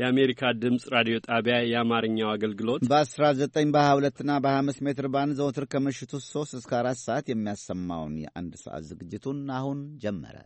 የአሜሪካ ድምፅ ራዲዮ ጣቢያ የአማርኛው አገልግሎት በ19 በ22ና በ25 ሜትር ባንድ ዘወትር ከምሽቱ 3 እስከ 4 ሰዓት የሚያሰማውን የአንድ ሰዓት ዝግጅቱን አሁን ጀመረ።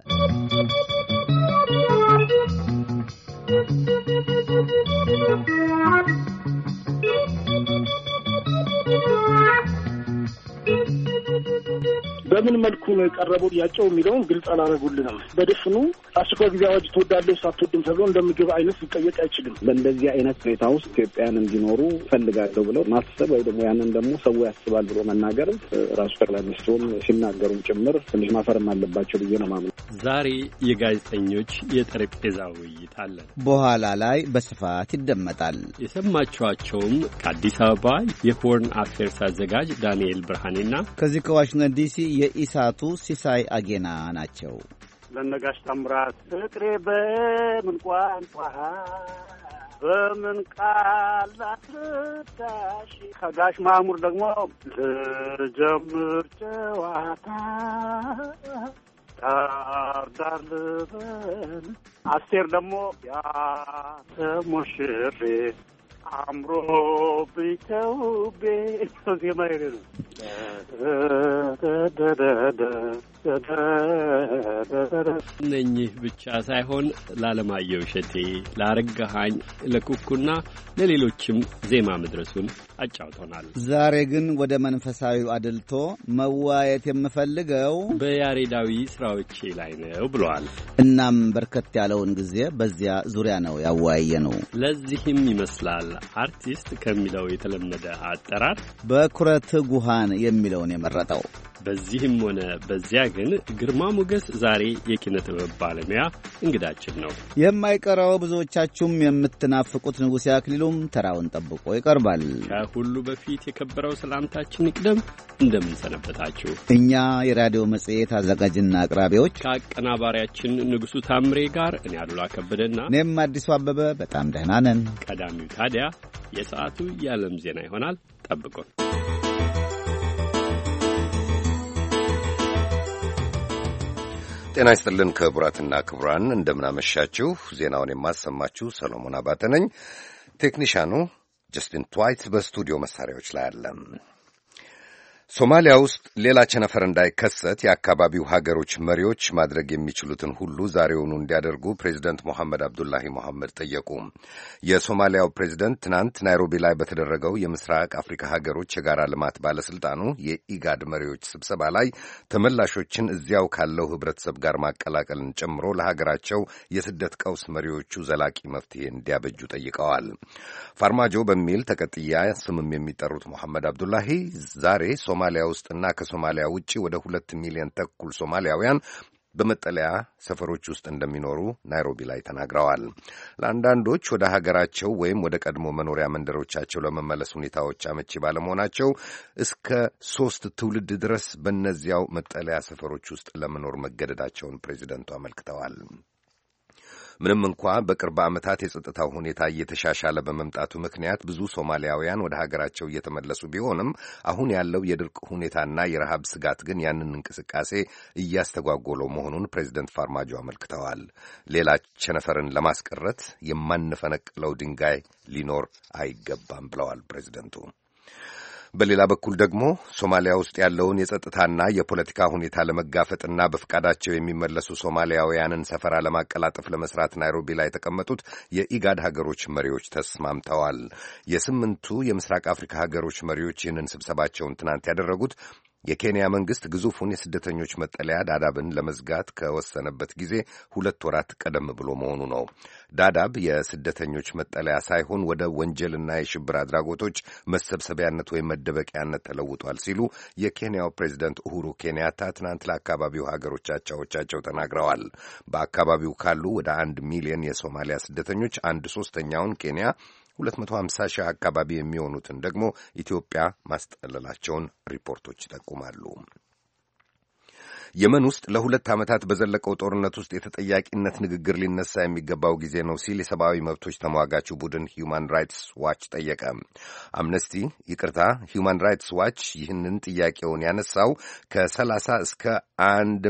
በምን መልኩ ነው የቀረበው ጥያቄው የሚለውን ግልጽ አላረጉልንም። በድፍኑ አስቸኳይ ጊዜ አዋጅ ትወዳለች ሳትወድም ተብሎ እንደ ምግብ አይነት ሊጠየቅ አይችልም። በእንደዚህ አይነት ሁኔታ ውስጥ ኢትዮጵያን እንዲኖሩ ፈልጋለሁ ብለው ማሰብ ወይ ደግሞ ያንን ደግሞ ሰው ያስባል ብሎ መናገር ራሱ ጠቅላይ ሚኒስትሩም ሲናገሩም ጭምር ትንሽ ማፈርም አለባቸው ብዬ ነው ማምነ። ዛሬ የጋዜጠኞች የጠረጴዛ ውይይት አለን፣ በኋላ ላይ በስፋት ይደመጣል። የሰማችኋቸውም ከአዲስ አበባ የሆርን አፌርስ አዘጋጅ ዳንኤል ብርሃኔና ከዚህ ከዋሽንግተን ዲሲ የኢሳቱ ሲሳይ አጌና ናቸው። ለነጋሽ ታምራት ፍቅሬ በምን ቋንቋ በምን ቃል ከጋሽ ማሙር ደግሞ ልጀምር ጨዋታ ዳርዳር ልበል። አስቴር ደግሞ ያተሞሽሬ አምሮ ብቻው ዜማ ነው እነኚህ ብቻ ሳይሆን ላለማየሁ እሸቴ፣ ለአረጋሃኝ፣ ለኩኩና ለሌሎችም ዜማ መድረሱን አጫውቶናል። ዛሬ ግን ወደ መንፈሳዊው አድልቶ መዋየት የምፈልገው በያሬዳዊ ስራዎቼ ላይ ነው ብለዋል። እናም በርከት ያለውን ጊዜ በዚያ ዙሪያ ነው ያወያየ ነው። ለዚህም ይመስላል አርቲስት ከሚለው የተለመደ አጠራር በኩረት ጉሃን የሚለውን የመረጠው በዚህም ሆነ በዚያ ግን ግርማ ሞገስ ዛሬ የኪነ ጥበብ ባለሙያ እንግዳችን ነው የማይቀረው። ብዙዎቻችሁም የምትናፍቁት ንጉሴ አክሊሉም ተራውን ጠብቆ ይቀርባል። ከሁሉ በፊት የከበረው ሰላምታችን ይቅደም። እንደምንሰነበታችሁ እኛ የራዲዮ መጽሔት አዘጋጅና አቅራቢዎች ከአቀናባሪያችን ንጉሱ ታምሬ ጋር እኔ አሉላ ከበደና እኔም አዲሱ አበበ በጣም ደህና ነን። ቀዳሚው ታዲያ የሰዓቱ የዓለም ዜና ይሆናል። ጠብቆን ጤና ይስጥልን ክቡራትና ክቡራን፣ እንደምናመሻችሁ። ዜናውን የማሰማችሁ ሰሎሞን አባተ ነኝ። ጀስቲን ትዋይት በስቱዲዮ መሳሪያዎች ላይ አለም። ሶማሊያ ውስጥ ሌላ ቸነፈር እንዳይከሰት የአካባቢው ሀገሮች መሪዎች ማድረግ የሚችሉትን ሁሉ ዛሬውኑ እንዲያደርጉ ፕሬዚደንት ሞሐመድ አብዱላሂ ሞሐመድ ጠየቁ። የሶማሊያው ፕሬዚደንት ትናንት ናይሮቢ ላይ በተደረገው የምስራቅ አፍሪካ ሀገሮች የጋራ ልማት ባለስልጣኑ የኢጋድ መሪዎች ስብሰባ ላይ ተመላሾችን እዚያው ካለው ህብረተሰብ ጋር ማቀላቀልን ጨምሮ ለሀገራቸው የስደት ቀውስ መሪዎቹ ዘላቂ መፍትሄ እንዲያበጁ ጠይቀዋል። ፋርማጆ በሚል ተቀጥያ ስምም የሚጠሩት ሞሐመድ አብዱላሂ ዛሬ ሶማሊያ ውስጥና ከሶማሊያ ውጪ ወደ ሁለት ሚሊዮን ተኩል ሶማሊያውያን በመጠለያ ሰፈሮች ውስጥ እንደሚኖሩ ናይሮቢ ላይ ተናግረዋል። ለአንዳንዶች ወደ ሀገራቸው ወይም ወደ ቀድሞ መኖሪያ መንደሮቻቸው ለመመለስ ሁኔታዎች አመቺ ባለመሆናቸው እስከ ሶስት ትውልድ ድረስ በእነዚያው መጠለያ ሰፈሮች ውስጥ ለመኖር መገደዳቸውን ፕሬዚደንቱ አመልክተዋል። ምንም እንኳ በቅርብ ዓመታት የጸጥታው ሁኔታ እየተሻሻለ በመምጣቱ ምክንያት ብዙ ሶማሊያውያን ወደ ሀገራቸው እየተመለሱ ቢሆንም አሁን ያለው የድርቅ ሁኔታና የረሃብ ስጋት ግን ያንን እንቅስቃሴ እያስተጓጎለው መሆኑን ፕሬዚደንት ፋርማጆ አመልክተዋል። ሌላ ቸነፈርን ለማስቀረት የማንፈነቅለው ድንጋይ ሊኖር አይገባም ብለዋል ፕሬዚደንቱ። በሌላ በኩል ደግሞ ሶማሊያ ውስጥ ያለውን የጸጥታና የፖለቲካ ሁኔታ ለመጋፈጥና በፍቃዳቸው የሚመለሱ ሶማሊያውያንን ሰፈራ ለማቀላጠፍ ለመስራት ናይሮቢ ላይ የተቀመጡት የኢጋድ ሀገሮች መሪዎች ተስማምተዋል። የስምንቱ የምስራቅ አፍሪካ ሀገሮች መሪዎች ይህንን ስብሰባቸውን ትናንት ያደረጉት የኬንያ መንግሥት ግዙፉን የስደተኞች መጠለያ ዳዳብን ለመዝጋት ከወሰነበት ጊዜ ሁለት ወራት ቀደም ብሎ መሆኑ ነው። ዳዳብ የስደተኞች መጠለያ ሳይሆን ወደ ወንጀልና የሽብር አድራጎቶች መሰብሰቢያነት ወይም መደበቂያነት ተለውጧል ሲሉ የኬንያው ፕሬዚደንት ኡሁሩ ኬንያታ ትናንት ለአካባቢው ሀገሮች አቻዎቻቸው ተናግረዋል። በአካባቢው ካሉ ወደ አንድ ሚሊዮን የሶማሊያ ስደተኞች አንድ ሶስተኛውን ኬንያ 250 ሺህ አካባቢ የሚሆኑትን ደግሞ ኢትዮጵያ ማስጠለላቸውን ሪፖርቶች ይጠቁማሉ። የመን ውስጥ ለሁለት ዓመታት በዘለቀው ጦርነት ውስጥ የተጠያቂነት ንግግር ሊነሳ የሚገባው ጊዜ ነው ሲል የሰብአዊ መብቶች ተሟጋቹ ቡድን ሂዩማን ራይትስ ዋች ጠየቀ። አምነስቲ ይቅርታ፣ ሂውማን ራይትስ ዋች ይህንን ጥያቄውን ያነሳው ከ30 እስከ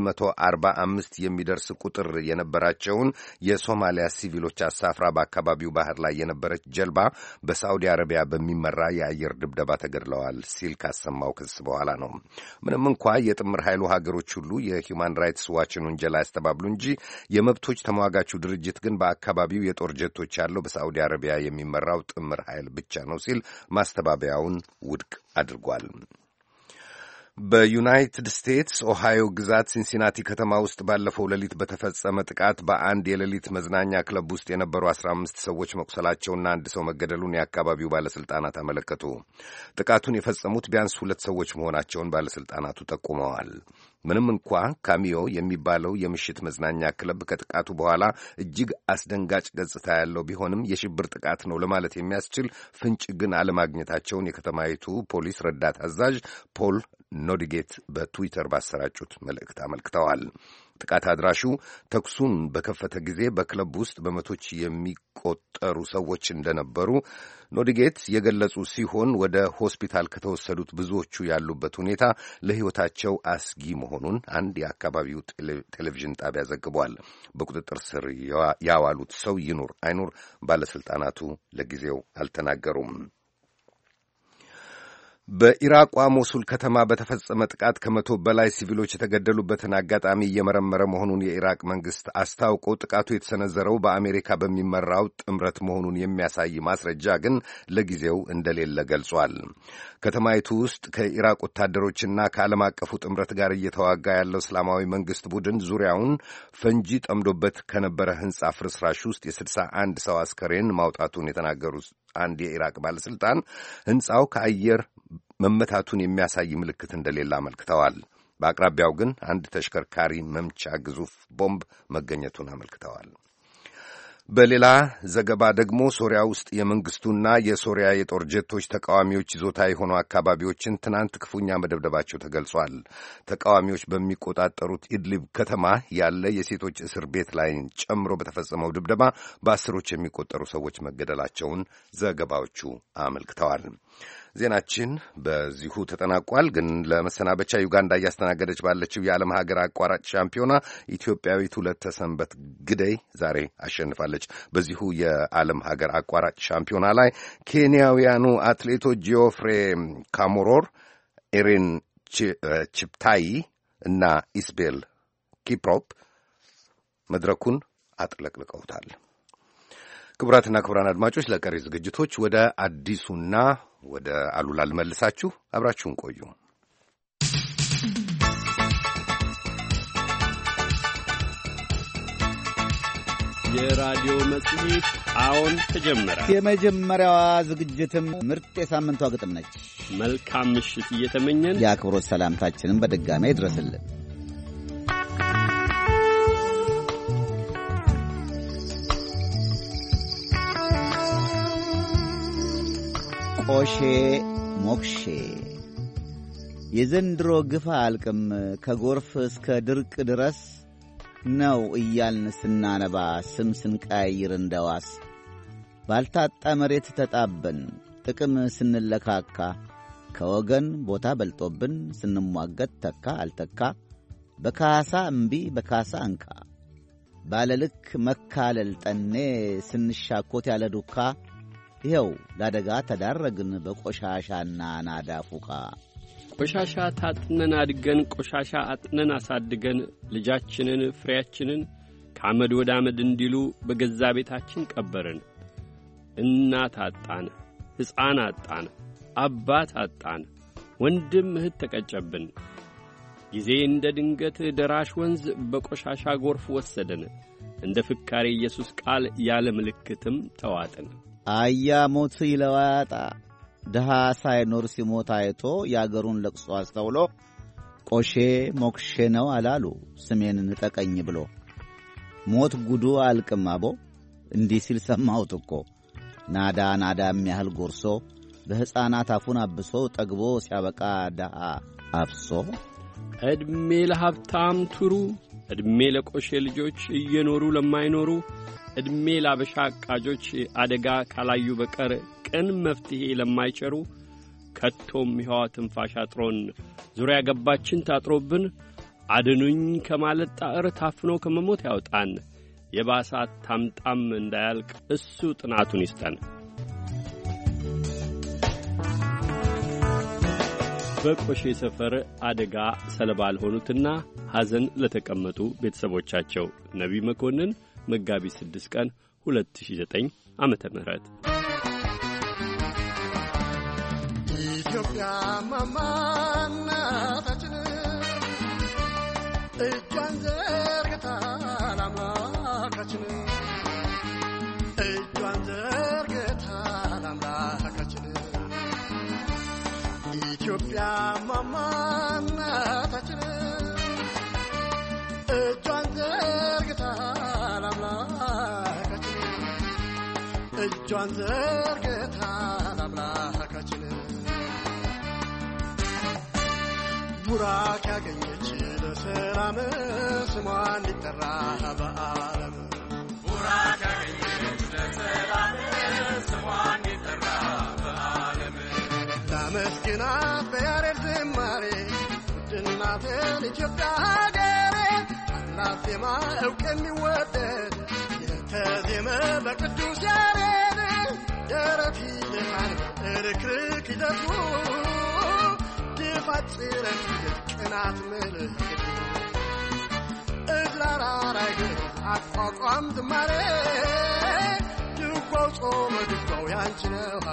145 የሚደርስ ቁጥር የነበራቸውን የሶማሊያ ሲቪሎች አሳፍራ በአካባቢው ባህር ላይ የነበረች ጀልባ በሳዑዲ አረቢያ በሚመራ የአየር ድብደባ ተገድለዋል ሲል ካሰማው ክስ በኋላ ነው። ምንም እንኳ የጥምር ኃይሉ ሀገሮች ሁሉ የሂውማን ራይትስ ዋችን ውንጀላ ያስተባብሉ እንጂ የመብቶች ተሟጋቹ ድርጅት ግን በአካባቢው የጦር ጀቶች ያለው በሳዑዲ አረቢያ የሚመራው ጥምር ኃይል ብቻ ነው ሲል ማስተባበያውን ውድቅ አድርጓል። በዩናይትድ ስቴትስ ኦሃዮ ግዛት ሲንሲናቲ ከተማ ውስጥ ባለፈው ሌሊት በተፈጸመ ጥቃት በአንድ የሌሊት መዝናኛ ክለብ ውስጥ የነበሩ አስራ አምስት ሰዎች መቁሰላቸውና አንድ ሰው መገደሉን የአካባቢው ባለሥልጣናት አመለከቱ። ጥቃቱን የፈጸሙት ቢያንስ ሁለት ሰዎች መሆናቸውን ባለሥልጣናቱ ጠቁመዋል። ምንም እንኳ ካሚዮ የሚባለው የምሽት መዝናኛ ክለብ ከጥቃቱ በኋላ እጅግ አስደንጋጭ ገጽታ ያለው ቢሆንም የሽብር ጥቃት ነው ለማለት የሚያስችል ፍንጭ ግን አለማግኘታቸውን የከተማይቱ ፖሊስ ረዳት አዛዥ ፖል ኖዲጌት በትዊተር ባሰራጩት መልእክት አመልክተዋል። ጥቃት አድራሹ ተኩሱን በከፈተ ጊዜ በክለብ ውስጥ በመቶች የሚቆጠሩ ሰዎች እንደነበሩ ኖዲጌት የገለጹ ሲሆን ወደ ሆስፒታል ከተወሰዱት ብዙዎቹ ያሉበት ሁኔታ ለሕይወታቸው አስጊ መሆኑን አንድ የአካባቢው ቴሌቪዥን ጣቢያ ዘግቧል። በቁጥጥር ስር ያዋሉት ሰው ይኑር አይኑር ባለሥልጣናቱ ለጊዜው አልተናገሩም። በኢራቋ ሞሱል ከተማ በተፈጸመ ጥቃት ከመቶ በላይ ሲቪሎች የተገደሉበትን አጋጣሚ እየመረመረ መሆኑን የኢራቅ መንግሥት አስታውቆ ጥቃቱ የተሰነዘረው በአሜሪካ በሚመራው ጥምረት መሆኑን የሚያሳይ ማስረጃ ግን ለጊዜው እንደሌለ ገልጿል። ከተማይቱ ውስጥ ከኢራቅ ወታደሮችና ከዓለም አቀፉ ጥምረት ጋር እየተዋጋ ያለው እስላማዊ መንግሥት ቡድን ዙሪያውን ፈንጂ ጠምዶበት ከነበረ ሕንጻ ፍርስራሽ ውስጥ የስድሳ አንድ ሰው አስከሬን ማውጣቱን የተናገሩት አንድ የኢራቅ ባለሥልጣን ሕንፃው ከአየር መመታቱን የሚያሳይ ምልክት እንደሌለ አመልክተዋል። በአቅራቢያው ግን አንድ ተሽከርካሪ መምቻ ግዙፍ ቦምብ መገኘቱን አመልክተዋል። በሌላ ዘገባ ደግሞ ሶሪያ ውስጥ የመንግስቱና የሶሪያ የጦር ጀቶች ተቃዋሚዎች ይዞታ የሆኑ አካባቢዎችን ትናንት ክፉኛ መደብደባቸው ተገልጿል። ተቃዋሚዎች በሚቆጣጠሩት ኢድሊብ ከተማ ያለ የሴቶች እስር ቤት ላይ ጨምሮ በተፈጸመው ድብደባ በአስሮች የሚቆጠሩ ሰዎች መገደላቸውን ዘገባዎቹ አመልክተዋል። ዜናችን በዚሁ ተጠናቋል። ግን ለመሰናበቻ ዩጋንዳ እያስተናገደች ባለችው የዓለም ሀገር አቋራጭ ሻምፒዮና ኢትዮጵያዊት ሁለተ ሰንበት ግደይ ዛሬ አሸንፋለች። በዚሁ የዓለም ሀገር አቋራጭ ሻምፒዮና ላይ ኬንያውያኑ አትሌቶች ጂኦፍሬ ካሞሮር፣ ኤሬን ችፕታይ እና ኢስቤል ኪፕሮፕ መድረኩን አጥለቅልቀውታል። ክቡራትና ክቡራን አድማጮች ለቀሪ ዝግጅቶች ወደ አዲሱና ወደ አሉላ ልመልሳችሁ። አብራችሁን ቆዩ። የራዲዮ መጽሔት አሁን ተጀመረ። የመጀመሪያዋ ዝግጅትም ምርጥ የሳምንቷ ግጥም ነች። መልካም ምሽት እየተመኘን የአክብሮት ሰላምታችንን በድጋሚ ይድረስልን። ኦሼ ሞክሼ የዘንድሮ ግፋ አልቅም ከጎርፍ እስከ ድርቅ ድረስ ነው እያልን ስናነባ ስም ስንቀያይር እንደዋስ ባልታጣ መሬት ተጣብን ጥቅም ስንለካካ ከወገን ቦታ በልጦብን ስንሟገት ተካ አልተካ በካሳ እምቢ በካሳ እንካ ባለልክ መካለል ጠኔ ስንሻኮት ያለ ዱካ ይኸው ለአደጋ ተዳረግን በቆሻሻና ናዳ ፉቃ ቆሻሻ ታጥነን አድገን ቆሻሻ አጥነን አሳድገን ልጃችንን ፍሬያችንን ከአመድ ወደ አመድ እንዲሉ በገዛ ቤታችን ቀበርን። እናት አጣን፣ ሕፃን አጣን፣ አባት አጣን፣ ወንድም እህት ተቀጨብን። ጊዜ እንደ ድንገት ደራሽ ወንዝ በቆሻሻ ጎርፍ ወሰደን። እንደ ፍካሬ ኢየሱስ ቃል ያለ ምልክትም ተዋጥን። አያ ሞት ይለዋጣ ድሃ ሳይኖር ሲሞት አይቶ የአገሩን ለቅሶ አስተውሎ ቆሼ ሞክሼ ነው አላሉ ስሜን ንጠቀኝ ብሎ ሞት ጉዱ አልቅም አቦ እንዲህ ሲል ሰማሁት እኮ ናዳ ናዳ የሚያህል ጎርሶ በሕፃናት አፉን አብሶ ጠግቦ ሲያበቃ ድሃ አፍሶ ዕድሜ ለሀብታም ቱሩ ዕድሜ ለቆሼ ልጆች እየኖሩ ለማይኖሩ ዕድሜ ላበሻ አቃጆች አደጋ ካላዩ በቀር ቅን መፍትሔ ለማይቸሩ ከቶም ይኸዋ ትንፋሽ አጥሮን ዙሪያ ገባችን ታጥሮብን አድኑኝ ከማለት ጣዕር ታፍኖ ከመሞት ያውጣን። የባሳት ታምጣም እንዳያልቅ እሱ ጥናቱን ይስጠን። በቆሼ ሰፈር አደጋ ሰለባ ለሆኑትና ሐዘን ለተቀመጡ ቤተሰቦቻቸው ነቢይ መኮንን መጋቢት 6 ቀን 2009 ዓመተ ምህረት ኢትዮጵያ ማማናታችን እጇን ዘርጋ እጇን ዘርግታ አምላካችን ቡራክ ያገኘች ለሰላም ስሟ እንዲጠራ በዓለም ቡራክ ያገኘች ለሰላም በዓለም ላመስግናት በያሬድ ዝማሬ ውድናትን ኢትዮጵያ ሀገሬ አላት ዜማ እውቅ የሚወደድ የተዜመ በቅዱስ ያሬድ ደረት ይልማል እርክርክ ይደፉ ድፋት ጽረት ቅናት አቋቋም ዝማሬ ድጓው ጾመ ድጓው ያንቺ ነው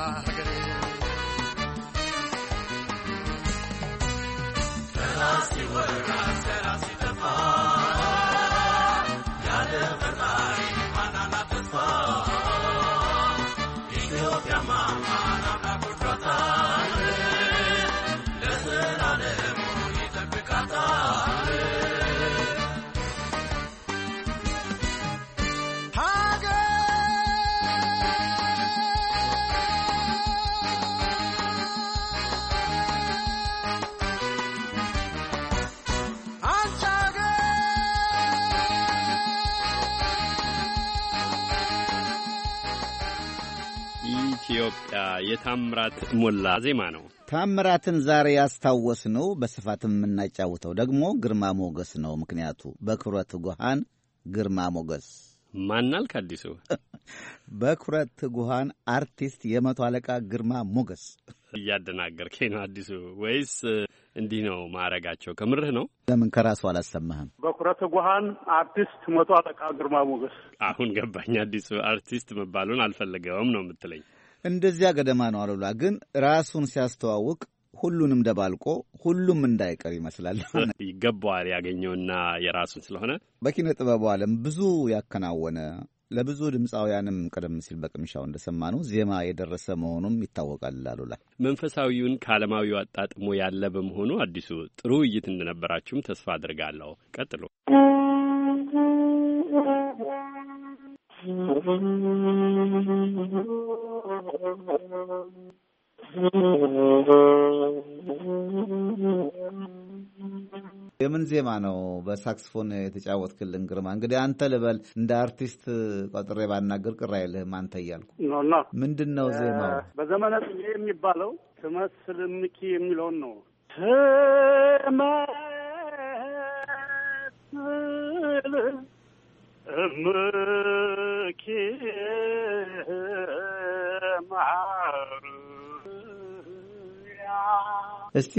የታምራት ሞላ ዜማ ነው። ታምራትን ዛሬ ያስታወስ ነው። በስፋት የምናጫውተው ደግሞ ግርማ ሞገስ ነው። ምክንያቱ በኩረት ጉሃን ግርማ ሞገስ ማናልክ አዲሱ በኩረት ጉሃን አርቲስት የመቶ አለቃ ግርማ ሞገስ እያደናገርከኝ ነው አዲሱ፣ ወይስ እንዲህ ነው ማዕረጋቸው? ከምርህ ነው? ለምን ከራሱ አላሰማህም? በኩረት ጉሃን አርቲስት መቶ አለቃ ግርማ ሞገስ። አሁን ገባኝ አዲሱ፣ አርቲስት መባሉን አልፈልገውም ነው የምትለኝ? እንደዚያ ገደማ ነው። አሉላ ግን ራሱን ሲያስተዋውቅ ሁሉንም ደባልቆ ሁሉም እንዳይቀር ይመስላል። ይገባዋል ያገኘውና የራሱን ስለሆነ በኪነ ጥበቡ ዓለም ብዙ ያከናወነ ለብዙ ድምፃውያንም ቀደም ሲል በቅምሻው እንደሰማነው ዜማ የደረሰ መሆኑም ይታወቃል። አሉላ መንፈሳዊውን ከዓለማዊው አጣጥሞ ያለ በመሆኑ አዲሱ ጥሩ ውይይት እንደነበራችሁም ተስፋ አድርጋለሁ። ቀጥሎ የምን ዜማ ነው በሳክስፎን የተጫወትክልን? ግርማ እንግዲህ አንተ ልበል እንደ አርቲስት ቆጥሬ ባናገር ቅር አይልህም አንተ እያልኩ ምንድን ነው ዜማው? በዘመነ ጽጌ የሚባለው ትመስል ምኪ የሚለውን ነው ትመስል እምኪ እስቲ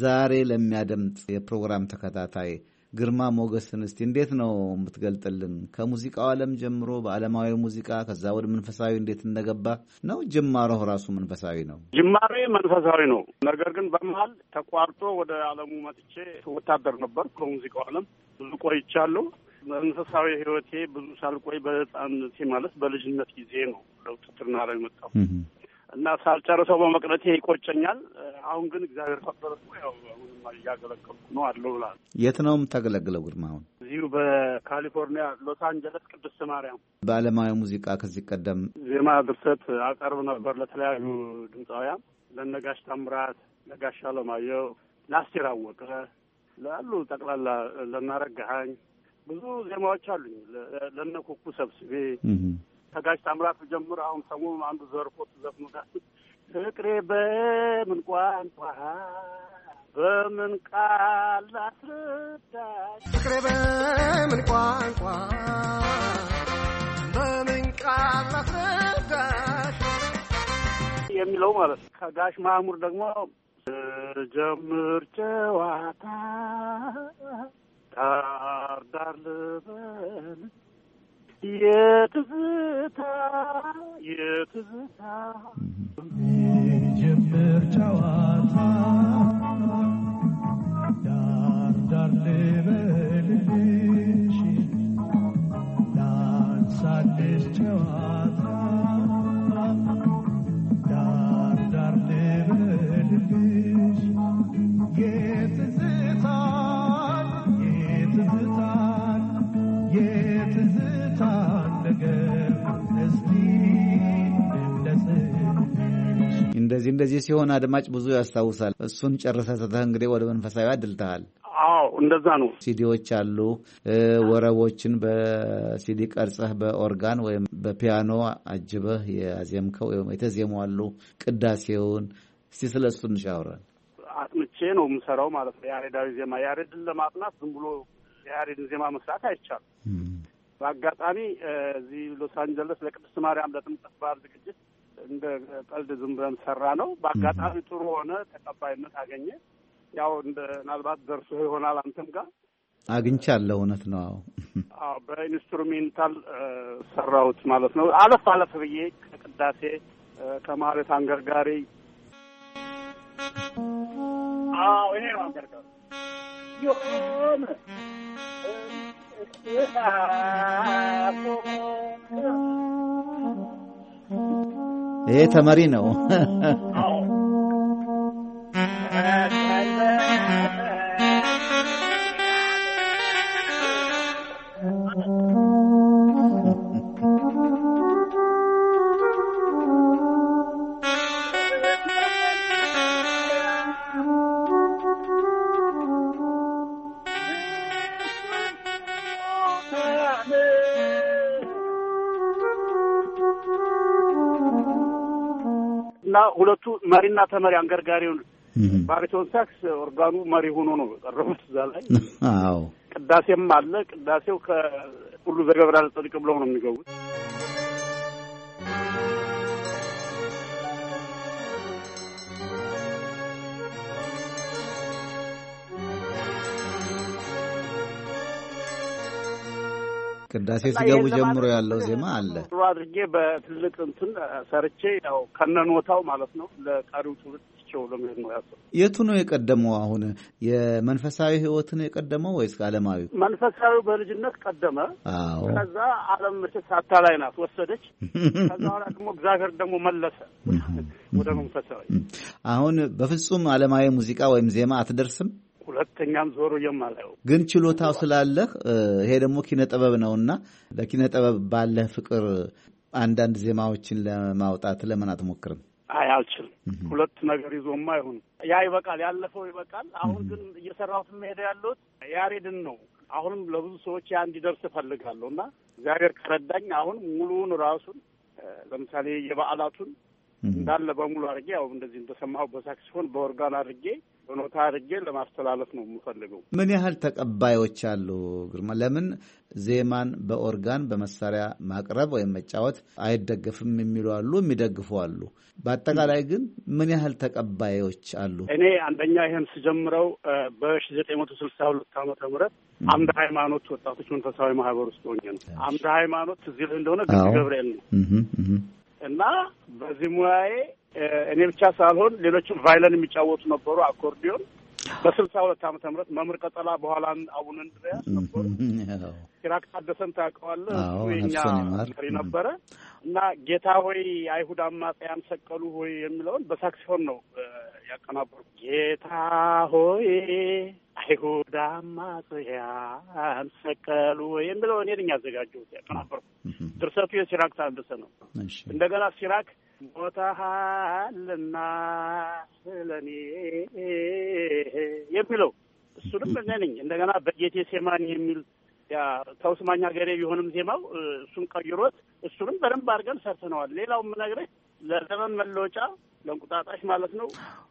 ዛሬ ለሚያደምጥ የፕሮግራም ተከታታይ ግርማ ሞገስን እስቲ እንዴት ነው የምትገልጥልን? ከሙዚቃው ዓለም ጀምሮ በዓለማዊ ሙዚቃ ከዛ ወደ መንፈሳዊ እንዴት እንደገባ ነው? ጅማሮህ ራሱ መንፈሳዊ ነው? ጅማሬ መንፈሳዊ ነው። ነገር ግን በመሀል ተቋርጦ ወደ ዓለሙ መጥቼ ወታደር ነበር። ከሙዚቃው ዓለም ብዙ ቆይቻለሁ። መንፈሳዊ ህይወቴ ብዙ ሳልቆይ በህፃንነቴ ማለት በልጅነት ጊዜ ነው ለውትድርና ላይ መጣሁ እና ሳልጨርሰው በመቅረቴ ይቆጨኛል። አሁን ግን እግዚአብሔር ፈቅዶ ያው አሁንም እያገለገልኩ ነው አለው ብላል። የት ነው የምታገለግለው ግርማ? አሁን እዚሁ በካሊፎርኒያ ሎስ አንጀለስ ቅድስት ማርያም በአለማዊ ሙዚቃ ከዚህ ቀደም ዜማ ድርሰት አቀርብ ነበር ለተለያዩ ድምፃውያን ለነጋሽ ታምራት፣ ለጋሽ አለማየሁ፣ ለአስቴር አወቀ ላሉ ጠቅላላ ለናረጋሀኝ ብዙ ዜማዎች አሉኝ ለነ ኩኩ ሰብስቤ ከጋሽ ታምራት ጀምር አሁን ሰሞኑን አንዱ ዘርፎ ዘፍኑ ፍቅሬ በምን ቋንቋ በምን ቃል ላስረዳሽ ፍቅሬ በምን ቋንቋ በምን ቃል ላስረዳሽ የሚለው ማለት ነው። ከጋሽ ማሙር ደግሞ ጀምር ጨዋታ ዳር ዳር ልበል የትዝታ የትዝታ ጀምር ጨዋታ ዳር ዳር ልበልሽ ዳንሳደስ ጨዋታ እንደዚህ እንደዚህ ሲሆን አድማጭ ብዙ ያስታውሳል። እሱን ጨርሰ ሰተህ እንግዲህ ወደ መንፈሳዊ አድልተሃል። አዎ እንደዛ ነው። ሲዲዎች አሉ። ወረቦችን በሲዲ ቀርጸህ በኦርጋን ወይም በፒያኖ አጅበህ የዜምከው ወይም የተዜሙ አሉ። ቅዳሴውን እስቲ ስለ እሱ እንሻውረን። አጥምቼ ነው የምሰራው ማለት ነው። ያሬዳዊ ዜማ ያሬድን ለማጥናት ዝም ብሎ የያሬድን ዜማ መስራት አይቻልም። በአጋጣሚ እዚህ ሎስ አንጀለስ ለቅድስት ማርያም ለጥምቀት በዓል ዝግጅት እንደ ቀልድ ዝም ብለን ሰራ ነው። በአጋጣሚ ጥሩ ሆነ፣ ተቀባይነት አገኘ። ያው እንደ ምናልባት ደርሶ ይሆናል አንተም ጋር አግኝቻለሁ። እውነት ነው። አዎ አዎ፣ በኢንስትሩሜንታል ሰራሁት ማለት ነው። አለፍ አለፍ ብዬ ከቅዳሴ ከማህሌት አንገርጋሪ አዎ ይሄ ነው አንገርጋሪ የሆነ Oh, ይሄ ተመሪ ነው። መሪና ተመሪ አንገርጋሪውን ባሪቶን ሳክስ ኦርጋኑ መሪ ሆኖ ነው የቀረቡት። እዛ ላይ አዎ ቅዳሴም አለ። ቅዳሴው ከሁሉ ዘገብራ ለጽድቅ ብለው ነው የሚገቡት። ቅዳሴ ሲገቡ ጀምሮ ያለው ዜማ አለ። ጥሩ አድርጌ በትልቅ እንትን ሰርቼ ያው ከነኖታው ማለት ነው ለቀሪው ትውልድ ናቸው ለመሄድ ነው ያሰ የቱ ነው የቀደመው? አሁን የመንፈሳዊ ህይወት ነው የቀደመው ወይስ ከዓለማዊ? መንፈሳዊ በልጅነት ቀደመ። አዎ። ከዛ ዓለም መቼስ ሳታላይ ናት ወሰደች። ከዛ በኋላ ደግሞ እግዚአብሔር ደግሞ መለሰ ወደ መንፈሳዊ። አሁን በፍጹም አለማዊ ሙዚቃ ወይም ዜማ አትደርስም። ሁለተኛም ዞሮ የማላየው ግን ችሎታው ስላለህ ይሄ ደግሞ ኪነ ጥበብ ነው እና ለኪነ ጥበብ ባለህ ፍቅር አንዳንድ ዜማዎችን ለማውጣት ለምን አትሞክርም? አይ አልችልም። ሁለት ነገር ይዞማ አይሆንም። ያ ይበቃል፣ ያለፈው ይበቃል። አሁን ግን እየሰራሁት መሄደ ያለሁት ያሬድን ነው። አሁንም ለብዙ ሰዎች ያ እንዲደርስ እፈልጋለሁ እና እግዚአብሔር ከረዳኝ አሁን ሙሉውን ራሱን ለምሳሌ የበዓላቱን እንዳለ በሙሉ አድርጌ ያው እንደዚህ እንደሰማሁ በሳክሲፎን በኦርጋን አድርጌ ኖታ አድርጌ ለማስተላለፍ ነው የምፈልገው። ምን ያህል ተቀባዮች አሉ ግርማ? ለምን ዜማን በኦርጋን በመሳሪያ ማቅረብ ወይም መጫወት አይደገፍም የሚሉ አሉ፣ የሚደግፉ አሉ። በአጠቃላይ ግን ምን ያህል ተቀባዮች አሉ? እኔ አንደኛ ይህን ስጀምረው በሺ ዘጠኝ መቶ ስልሳ ሁለት ዓመተ ምህረት አምደ ሃይማኖት ወጣቶች መንፈሳዊ ማህበር ውስጥ ሆኜ ነው። አምደ ሃይማኖት እዚህ እንደሆነ ገብርኤል ነው እና በዚህ ሙያዬ እኔ ብቻ ሳልሆን ሌሎችም ቫይለን የሚጫወቱ ነበሩ፣ አኮርዲዮን በስልሳ ሁለት ዓመተ ምህረት መምህር ቀጠላ በኋላን አቡነ እንድርያስ ነበሩ። ሲራክ ታደሰን ታውቀዋለህ? እሱ የኛ መሪ ነበረ እና ጌታ ሆይ አይሁድ አማጽያን ሰቀሉ ሆይ የሚለውን በሳክሲፎን ነው ያቀናበሩ። ጌታ ሆይ አይሁድ አማጽያን ሰቀሉ ወይ የሚለውን እኔ ነኝ ያዘጋጀሁት ያቀናበርኩ። ድርሰቱ የሲራክ ታደሰ ነው። እንደገና ሲራክ ሞታሃልና ስለኔ የሚለው እሱንም እኔ ነኝ። እንደገና በጌቴ ሴማኒ የሚል ተውስማኛ ገሬ ቢሆንም ዜማው እሱን ቀይሮት እሱንም በደንብ አድርገን ሰርተነዋል። ሌላው የምነግርህ ለዘመን መለወጫ ለእንቁጣጣሽ ማለት ነው።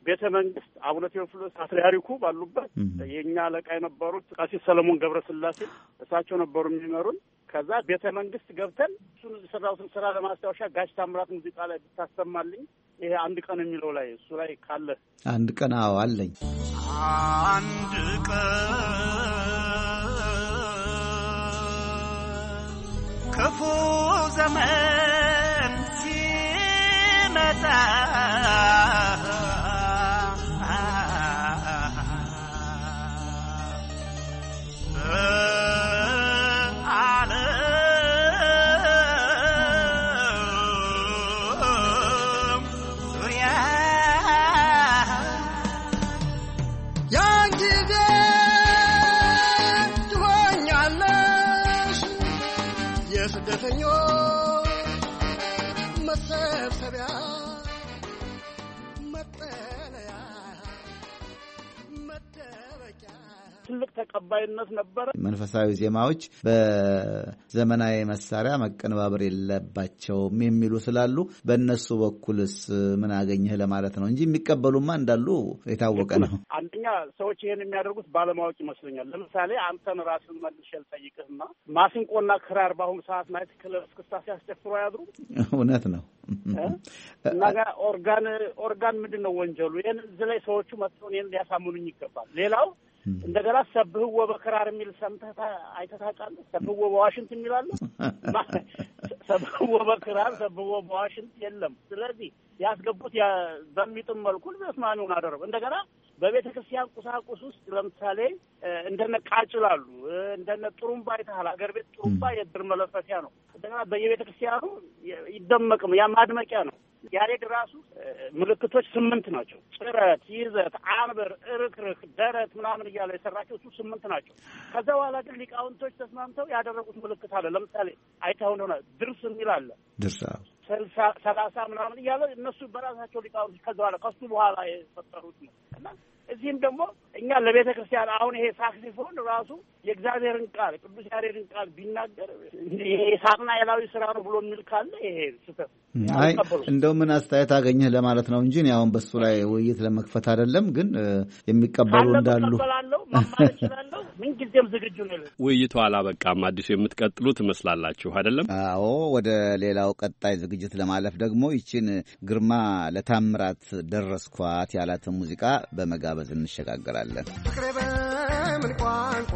ቤተ መንግስት አቡነ ቴዎፍሎስ ፓትርያርኩ ባሉበት የእኛ አለቃ የነበሩት ቀሲስ ሰለሞን ገብረስላሴ እሳቸው ነበሩ የሚመሩን። ከዛ ቤተ መንግስት ገብተን እሱን የሰራሁትን ስራ ለማስታወሻ ጋሽ ታምራት ሙዚቃ ላይ ብታሰማልኝ ይሄ አንድ ቀን የሚለው ላይ እሱ ላይ ካለ አንድ ቀን አዎ አለኝ። አንድ ቀን ክፉ ዘመን ሲመጣ Oh Señor መሰብሰቢያ ትልቅ ተቀባይነት ነበረ። መንፈሳዊ ዜማዎች በዘመናዊ መሳሪያ መቀነባበር የለባቸውም የሚሉ ስላሉ በእነሱ በኩልስ ምን አገኘህ ለማለት ነው እንጂ የሚቀበሉማ እንዳሉ የታወቀ ነው። አንደኛ ሰዎች ይህን የሚያደርጉት ባለማወቅ ይመስለኛል። ለምሳሌ አንተን ራስን መልሼ ልጠይቅህና ማሲንቆና ክራር በአሁኑ ሰዓት ናይት ክለብ እስክስታ ሲያስጨፍሩ አያድሩ? እውነት ነው። እና ኦርጋን ኦርጋን ምንድን ነው ወንጀሉ? ይህን እዚህ ላይ ሰዎቹ መጥተውን ሊያሳምኑኝ ይገባል። ሌላው እንደገና ሰብህወ በክራር የሚል ሰምተህ አይተህ ታውቃለህ? ሰብህወ በዋሽንት የሚል አለ። ሰብህወ በክራር ሰብህወ በዋሽንት የለም። ስለዚህ ያስገቡት በሚጥም መልኩ ተስማሚውን አደረጉ። እንደገና በቤተ ክርስቲያን ቁሳቁስ ውስጥ ለምሳሌ እንደነ ቃጭል አሉ፣ እንደነ ጥሩምባ አይተሃል። አገር ቤት ጥሩምባ የድር መለፈፊያ ነው። እንደገና በየቤተ ክርስቲያኑ ይደመቅም፣ ያ ማድመቂያ ነው። ያሬድ ራሱ ምልክቶች ስምንት ናቸው። ጭረት፣ ይዘት፣ አንብር፣ እርክርክ፣ ደረት ምናምን እያለ የሰራቸው እሱ ስምንት ናቸው። ከዛ በኋላ ግን ሊቃውንቶች ተስማምተው ያደረጉት ምልክት አለ። ለምሳሌ አይታሁ እንደሆነ ድርስ የሚል አለ። ድርስ ሰላሳ ምናምን እያለ እነሱ በራሳቸው ሊቃውንቶች ከዛ በኋላ ከሱ በኋላ የፈጠሩት ነው እና እዚህም ደግሞ እኛ ለቤተ ክርስቲያን አሁን ይሄ ሳክሲፎን ራሱ የእግዚአብሔርን ቃል ቅዱስ ያሬድን ቃል ቢናገር ይሄ ሳቅና የላዊ ስራ ነው ብሎ የሚል ካለ ይሄ ስህተት። አይ እንደው ምን አስተያየት አገኘህ ለማለት ነው እንጂ አሁን በሱ ላይ ውይይት ለመክፈት አይደለም። ግን የሚቀበሉ እንዳሉ ምንጊዜም ዝግጁ ነው። ውይይቱ አላበቃም። አዲሱ የምትቀጥሉ ትመስላላችሁ አይደለም? አዎ። ወደ ሌላው ቀጣይ ዝግጅት ለማለፍ ደግሞ ይችን ግርማ ለታምራት ደረስኳት ያላትን ሙዚቃ በመጋበ መሰናበት እንሸጋገራለን። ፍቅሬ በምን ቋንቋ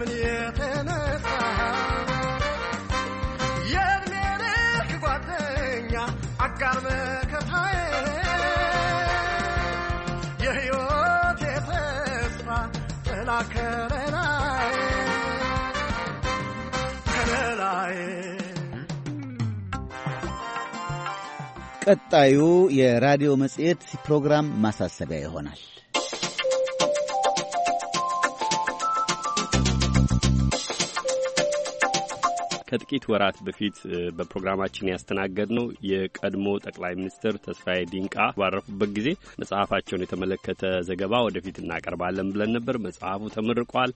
ከምን የተነሳ የእድሜ ልክ ጓደኛ አጋር መከታዬ የሕይወት የተስፋ ጥላ ከለላይ ከለላይ ቀጣዩ የራዲዮ መጽሔት ፕሮግራም ማሳሰቢያ ይሆናል። ከጥቂት ወራት በፊት በፕሮግራማችን ያስተናገድ ነው የቀድሞ ጠቅላይ ሚኒስትር ተስፋዬ ዲንቃ ባረፉበት ጊዜ መጽሐፋቸውን የተመለከተ ዘገባ ወደፊት እናቀርባለን ብለን ነበር። መጽሐፉ ተመርቋል።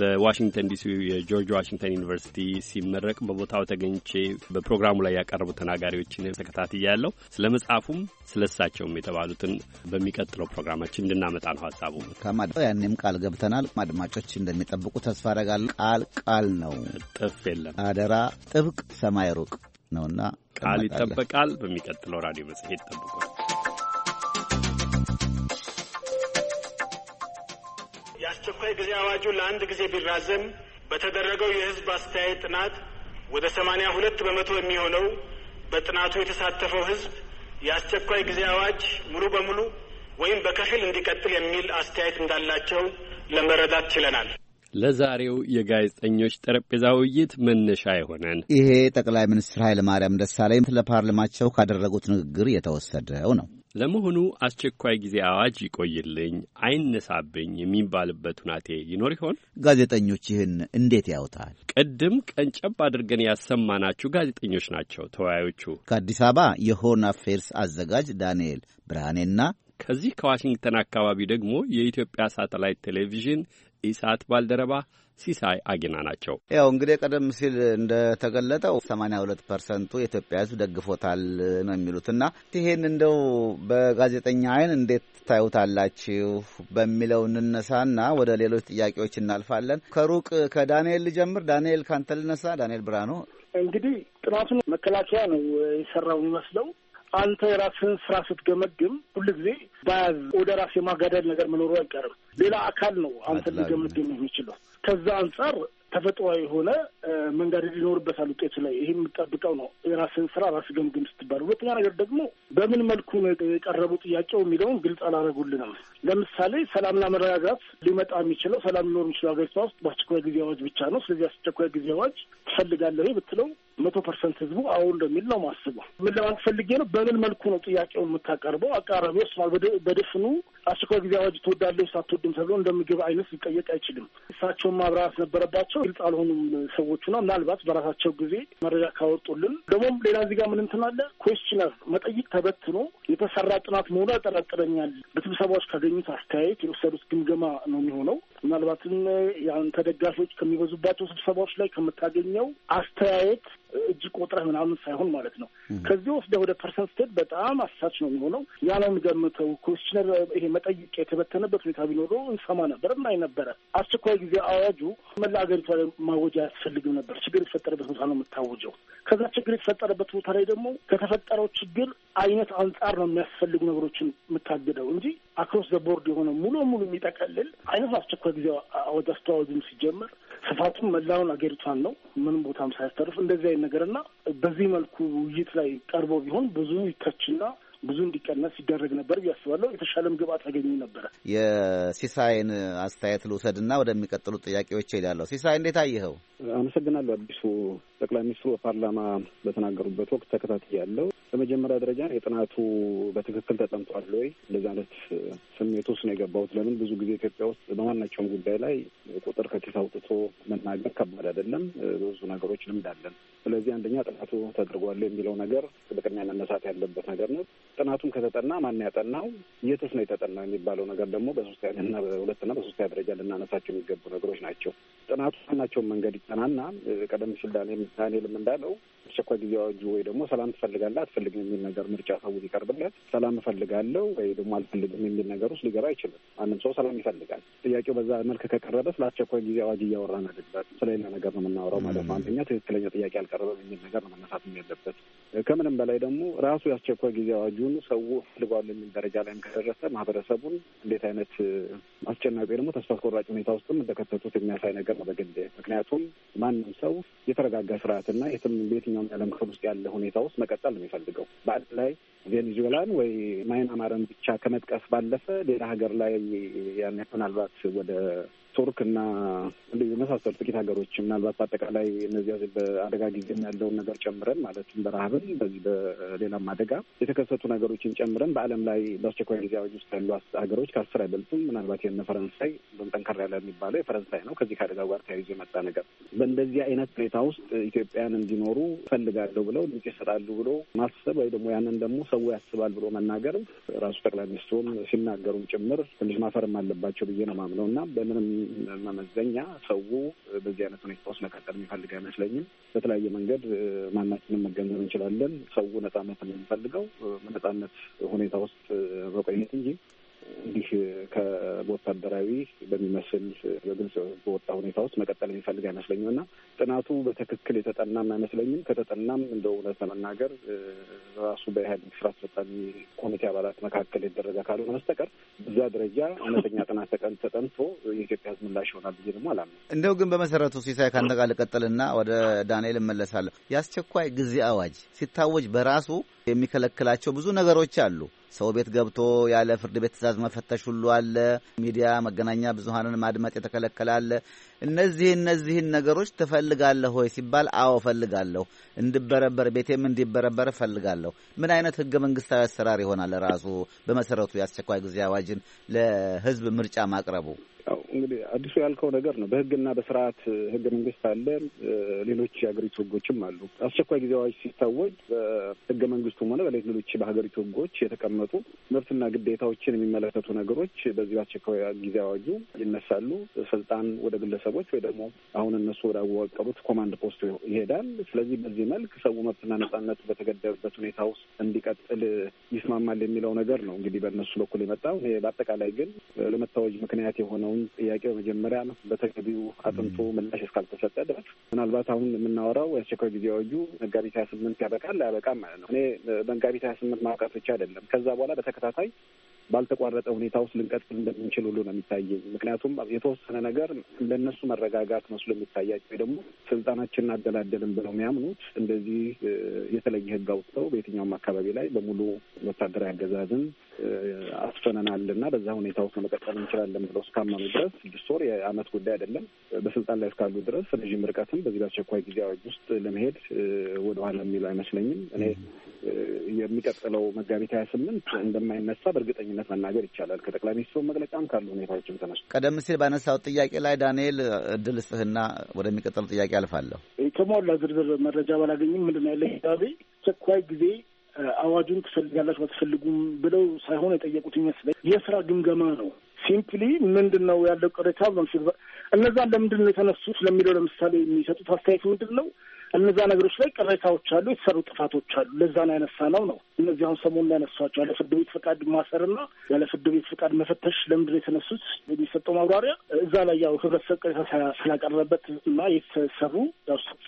በዋሽንግተን ዲሲ የጆርጅ ዋሽንግተን ዩኒቨርሲቲ ሲመረቅ በቦታው ተገኝቼ በፕሮግራሙ ላይ ያቀረቡ ተናጋሪዎችን ተከታትያለሁ። ስለ መጽሐፉም ስለ እሳቸውም የተባሉትን በሚቀጥለው ፕሮግራማችን እንድናመጣ ነው ሀሳቡ። ያኔም ቃል ገብተናል። አድማጮች እንደሚጠብቁ ተስፋ አደርጋለሁ። ቃል ቃል ነው፣ ጥፍ የለም። አደራ ጥብቅ ሰማይ ሩቅ ነውና ቃል ይጠበቃል። በሚቀጥለው ራዲዮ መጽሔት ጠብቋል። የአስቸኳይ ጊዜ አዋጁ ለአንድ ጊዜ ቢራዘም በተደረገው የህዝብ አስተያየት ጥናት ወደ ሰማኒያ ሁለት በመቶ የሚሆነው በጥናቱ የተሳተፈው ህዝብ የአስቸኳይ ጊዜ አዋጅ ሙሉ በሙሉ ወይም በከፊል እንዲቀጥል የሚል አስተያየት እንዳላቸው ለመረዳት ችለናል። ለዛሬው የጋዜጠኞች ጠረጴዛ ውይይት መነሻ የሆነን ይሄ ጠቅላይ ሚኒስትር ኃይለማርያም ደሳለኝ ለፓርላማቸው ካደረጉት ንግግር የተወሰደው ነው። ለመሆኑ አስቸኳይ ጊዜ አዋጅ ይቆይልኝ አይነሳብኝ የሚባልበት ሁናቴ ይኖር ይሆን? ጋዜጠኞች ይህን እንዴት ያውታል? ቅድም ቀንጨብ አድርገን ያሰማናችሁ ጋዜጠኞች ናቸው ተወያዮቹ። ከአዲስ አበባ የሆርን አፌርስ አዘጋጅ ዳንኤል ብርሃኔና ከዚህ ከዋሽንግተን አካባቢ ደግሞ የኢትዮጵያ ሳተላይት ቴሌቪዥን ኢሳት ባልደረባ ሲሳይ አጌና ናቸው። ያው እንግዲህ ቀደም ሲል እንደተገለጠው 82 ፐርሰንቱ የኢትዮጵያ ሕዝብ ደግፎታል ነው የሚሉት እና ይሄን እንደው በጋዜጠኛ አይን እንዴት ታዩታላችሁ በሚለው እንነሳና ወደ ሌሎች ጥያቄዎች እናልፋለን። ከሩቅ ከዳንኤል ልጀምር። ዳንኤል ካንተ ልነሳ። ዳንኤል ብርሃኑ እንግዲህ ጥናቱን መከላከያ ነው የሰራው የሚመስለው አንተ የራስህን ስራ ስትገመግም ሁልጊዜ ባያዝ ወደ ራስ የማጋደል ነገር መኖሩ አይቀርም። ሌላ አካል ነው አንተ ሊገመግም የሚችለው። ከዛ አንጻር ተፈጥሯዊ የሆነ መንገድ ሊኖርበታል ውጤቱ ላይ ይህ የምጠብቀው ነው። የራስን ስራ ራስ ገምግም ስትባል፣ ሁለተኛ ነገር ደግሞ በምን መልኩ የቀረቡ ጥያቄው የሚለውን ግልጽ አላደረጉልንም። ለምሳሌ ሰላምና መረጋጋት ሊመጣ የሚችለው ሰላም ሊኖር የሚችለው ሀገሪቷ ውስጥ በአስቸኳይ ጊዜ አዋጅ ብቻ ነው። ስለዚህ አስቸኳይ ጊዜ አዋጅ ትፈልጋለህ ብትለው መቶ ፐርሰንት ህዝቡ አሁን እንደሚል ነው ማስበው። ምን ለማለት ፈልጌ ነው? በምን መልኩ ነው ጥያቄውን የምታቀርበው? አቃራቢ ወስኗል። በድፍኑ አስቸኳይ ጊዜ አዋጅ ትወዳለች ሳትወድም ተብሎ እንደምግብ አይነት ሊጠየቅ አይችልም። እሳቸውን ማብራራት ነበረባቸው። ግልጽ አልሆኑም ሰዎቹና ምናልባት በራሳቸው ጊዜ መረጃ ካወጡልን ደግሞም ሌላ እዚህ ጋር ምን እንትን አለ ኮስችነር መጠይቅ ተበትኖ የተሰራ ጥናት መሆኑ ያጠራጥረኛል። በስብሰባዎች ካገኙት አስተያየት የወሰዱት ግምገማ ነው የሚሆነው። ምናልባትም ያን ተደጋፊዎች ከሚበዙባቸው ስብሰባዎች ላይ ከምታገኘው አስተያየት እጅ ቆጥረህ ምናምን ሳይሆን ማለት ነው። ከዚህ ወስደህ ወደ ፐርሰን ስትሄድ በጣም አሳች ነው የሚሆነው። ያ ነው የምገምተው። ይሄ መጠይቅ የተበተነበት ሁኔታ ቢኖሩ እንሰማ ነበር እና ነበረ። አስቸኳይ ጊዜ አዋጁ መላ አገሪቷ ላይ ማወጃ አያስፈልግም ነበር። ችግር የተፈጠረበት ቦታ ነው የምታወጀው። ከዛ ችግር የተፈጠረበት ቦታ ላይ ደግሞ ከተፈጠረው ችግር አይነት አንጻር ነው የሚያስፈልጉ ነገሮችን የምታግደው እንጂ አክሮስ ዘ ቦርድ የሆነ ሙሉ ሙሉ የሚጠቀልል አይነት አስቸኳይ ጊዜ አዋጅ አስተዋወጅም ሲጀመር ስፋቱም መላውን አገሪቷን ነው። ምንም ቦታም ሳያስተርፍ እንደዚህ አይነት ነገርና በዚህ መልኩ ውይይት ላይ ቀርቦ ቢሆን ብዙ ይተችና ብዙ እንዲቀነስ ይደረግ ነበር ብዬ አስባለሁ። የተሻለም ግብአት ያገኙ ነበረ። የሲሳይን አስተያየት ልውሰድና ወደሚቀጥሉት ጥያቄዎች ይላለሁ። ሲሳይ እንዴት አየኸው? አመሰግናለሁ አዲሱ ጠቅላይ ሚኒስትሩ በፓርላማ በተናገሩበት ወቅት ተከታትያለሁ። በመጀመሪያ ደረጃ የጥናቱ በትክክል ተጠምጧል ወይ እንደዚህ አይነት ስሜት ውስጥ ነው የገባሁት። ለምን ብዙ ጊዜ ኢትዮጵያ ውስጥ በማናቸውም ጉዳይ ላይ ቁጥር ከኪስ አውጥቶ መናገር ከባድ አይደለም። ብዙ ነገሮች ልምድ አለን። ስለዚህ አንደኛ ጥናቱ ተደርጓል የሚለው ነገር በቅድሚያ መነሳት ያለበት ነገር ነው። ጥናቱም ከተጠና ማን ያጠናው፣ የትስ ነው የተጠናው የሚባለው ነገር ደግሞ በሶስተኛና በሁለትና በሶስተኛ ደረጃ ልናነሳቸው የሚገቡ ነገሮች ናቸው። ጥናቱ ማናቸውም መንገድ ይጠናና ቀደም ሲል ዳንኤል ዳንኤልም እንዳለው አስቸኳይ ጊዜ አዋጁ ወይ ደግሞ ሰላም ትፈልጋለህ አትፈልግም የሚል ነገር ምርጫ ሰው ሊቀርብለት ሰላም እፈልጋለሁ ወይ ደግሞ አልፈልግም የሚል ነገር ውስጥ ሊገባ አይችልም። ማንም ሰው ሰላም ይፈልጋል። ጥያቄው በዛ መልክ ከቀረበ ስለ አስቸኳይ ጊዜ አዋጅ እያወራን አይደለም፣ ስለሌላ ነገር ነው የምናወራው ማለት ነው። አንደኛ ትክክለኛ ጥያቄ አልቀረበም የሚል ነገር ነው መነሳት ያለበት። ከምንም በላይ ደግሞ ራሱ የአስቸኳይ ጊዜ አዋጁን ሰው ፈልጓል የሚል ደረጃ ላይም ከደረሰ ማህበረሰቡን እንዴት አይነት አስጨናቂ ደግሞ ተስፋ አስቆራጭ ሁኔታ ውስጥም እንደከተቱት የሚያሳይ ነገር ነው በግል ምክንያቱም ማንም ሰው የተረጋጋ ስርዓትና የትም በየትኛውም የዓለም ክፍል ውስጥ ያለ ሁኔታ ውስጥ መቀጠል ነው የሚፈልገው። በአንድ ላይ ቬኔዙዌላን ወይ ማይናማርን ብቻ ከመጥቀስ ባለፈ ሌላ ሀገር ላይ ያን ምናልባት ወደ ቱርክ እና የመሳሰሉ ጥቂት ሀገሮች ምናልባት በአጠቃላይ እነዚያ በአደጋ ጊዜም ያለውን ነገር ጨምረን ማለትም በረሀብን በዚህ በሌላም አደጋ የተከሰቱ ነገሮችን ጨምረን በዓለም ላይ በአስቸኳይ ጊዜ አዋጅ ውስጥ ያሉ ሀገሮች ከአስር አይበልጡም። ምናልባት የነ ፈረንሳይ በም ያለ የሚባለው የፈረንሳይ ነው። ከዚህ ከአደጋው ጋር ተያይዞ የመጣ ነገር በእንደዚህ አይነት ሁኔታ ውስጥ ኢትዮጵያን እንዲኖሩ ፈልጋለሁ ብለው ድምጽ ይሰጣሉ ብሎ ማሰብ ወይ ደግሞ ያንን ደግሞ ሰው ያስባል ብሎ መናገርም ራሱ ጠቅላይ ሚኒስትሩም ሲናገሩም ጭምር ትንሽ ማፈርም አለባቸው ብዬ ነው ማምነው እና በምንም መመዘኛ ሰው በዚህ አይነት ሁኔታ ውስጥ መቀጠል የሚፈልግ አይመስለኝም። በተለያየ መንገድ ማናችንም መገንዘብ እንችላለን። ሰው ነጻነት የሚፈልገው ነጻነት ሁኔታ ውስጥ መቆየት እንጂ እንዲህ ከወታደራዊ በሚመስል በግልጽ በወጣ ሁኔታ ውስጥ መቀጠል የሚፈልግ አይመስለኝም እና ጥናቱ በትክክል የተጠናም አይመስለኝም። ከተጠናም እንደ እውነት ለመናገር ራሱ በኢህአዴግ ስራ አስፈጻሚ ኮሚቴ አባላት መካከል የተደረገ ካልሆነ በስተቀር እዛ ደረጃ እውነተኛ ጥናት ተቀን ተጠንቶ የኢትዮጵያ ህዝብ ምላሽ ይሆናል ብዬ ደግሞ አላምንም። እንደው ግን በመሰረቱ ሲሳይ ከአንተ ልቀጥልና ወደ ዳንኤል እመለሳለሁ። የአስቸኳይ ጊዜ አዋጅ ሲታወጅ በራሱ የሚከለክላቸው ብዙ ነገሮች አሉ። ሰው ቤት ገብቶ ያለ ፍርድ ቤት ትእዛዝ መፈተሽ ሁሉ አለ። ሚዲያ መገናኛ ብዙሀንን ማድመጥ የተከለከለ አለ። እነዚህ እነዚህን ነገሮች ትፈልጋለህ ወይ ሲባል አዎ ፈልጋለሁ፣ እንድበረበር ቤቴም እንዲበረበር እፈልጋለሁ። ምን አይነት ህገ መንግስታዊ አሰራር ይሆናል ራሱ በመሰረቱ የአስቸኳይ ጊዜ አዋጅን ለህዝብ ምርጫ ማቅረቡ? እንግዲህ አዲሱ ያልከው ነገር ነው። በህግና በስርዓት ህገ መንግስት አለ፣ ሌሎች የሀገሪቱ ህጎችም አሉ። አስቸኳይ ጊዜ አዋጅ ሲታወጅ በህገ መንግስቱም ሆነ በሌሎች በሀገሪቱ ህጎች የተቀመጡ መብትና ግዴታዎችን የሚመለከቱ ነገሮች በዚህ በአስቸኳይ ጊዜ አዋጁ ይነሳሉ። ስልጣን ወደ ግለሰቦች ወይ ደግሞ አሁን እነሱ ወዳወቀሩት ኮማንድ ፖስት ይሄዳል። ስለዚህ በዚህ መልክ ሰው መብትና ነጻነቱ በተገደበበት ሁኔታ ውስጥ እንዲቀጥል ይስማማል የሚለው ነገር ነው እንግዲህ በእነሱ በኩል የመጣው። በአጠቃላይ ግን ለመታወጅ ምክንያት የሆነው አሁን ጥያቄው መጀመሪያ በተገቢው አጥንቶ ምላሽ እስካልተሰጠ ድረስ ምናልባት አሁን የምናወራው የአስቸኳይ ጊዜ አዋጁ መጋቢት ሀያ ስምንት ያበቃል አያበቃም ማለት ነው። እኔ መጋቢት ሀያ ስምንት ማውቃት ብቻ አይደለም ከዛ በኋላ በተከታታይ ባልተቋረጠ ሁኔታ ውስጥ ልንቀጥል እንደምንችል ሁሉ ነው የሚታየኝ። ምክንያቱም የተወሰነ ነገር ለእነሱ መረጋጋት መስሎ የሚታያቸው ደግሞ ስልጣናችን አደላደልን ብለው የሚያምኑት እንደዚህ የተለየ ህግ አውጥተው በየትኛውም አካባቢ ላይ በሙሉ ወታደራዊ አገዛዝን አስፈነናል እና በዛ ሁኔታ ውስጥ መቀጠል እንችላለን ብለው እስካመኑ ድረስ ስድስት ወር የአመት ጉዳይ አይደለም። በስልጣን ላይ እስካሉ ድረስ ረዥም ርቀትም በዚህ በአስቸኳይ ጊዜ አዋጅ ውስጥ ለመሄድ ወደኋላ የሚሉ አይመስለኝም። እኔ የሚቀጥለው መጋቢት ሀያ ስምንት እንደማይነሳ በእርግጠኝነት በእርግጠኝነት መናገር ይቻላል። ከጠቅላይ ሚኒስትሩ መግለጫም ካሉ ሁኔታዎችም ተነስቶ ቀደም ሲል ባነሳው ጥያቄ ላይ ዳንኤል እድል ስህና ወደሚቀጥለው ጥያቄ አልፋለሁ። ከሞላ ዝርዝር መረጃ ባላገኝም ምንድን ነው ያለ ሂሳቤ አስቸኳይ ጊዜ አዋጁን ትፈልጋላችሁ አትፈልጉም ብለው ሳይሆን የጠየቁት ይመስለኝ የስራ ግምገማ ነው። ሲምፕሊ ምንድን ነው ያለው ቅሬታ ብሎም እነዛን ለምንድን ነው የተነሱት ለሚለው ለምሳሌ የሚሰጡት አስተያየት ምንድን ነው? እነዛ ነገሮች ላይ ቅሬታዎች አሉ፣ የተሰሩ ጥፋቶች አሉ። ለዛ ነው ያነሳ ነው ነው እነዚህ አሁን ሰሞኑን ያነሷቸው ያለ ፍርድ ቤት ፈቃድ ማሰርና ያለ ፍርድ ቤት ፈቃድ መፈተሽ ለምንድን ነው የተነሱት የሚሰጠው ማብራሪያ እዛ ላይ ያው ህብረተሰብ ቅሬታ ስላቀረበበት እና የተሰሩ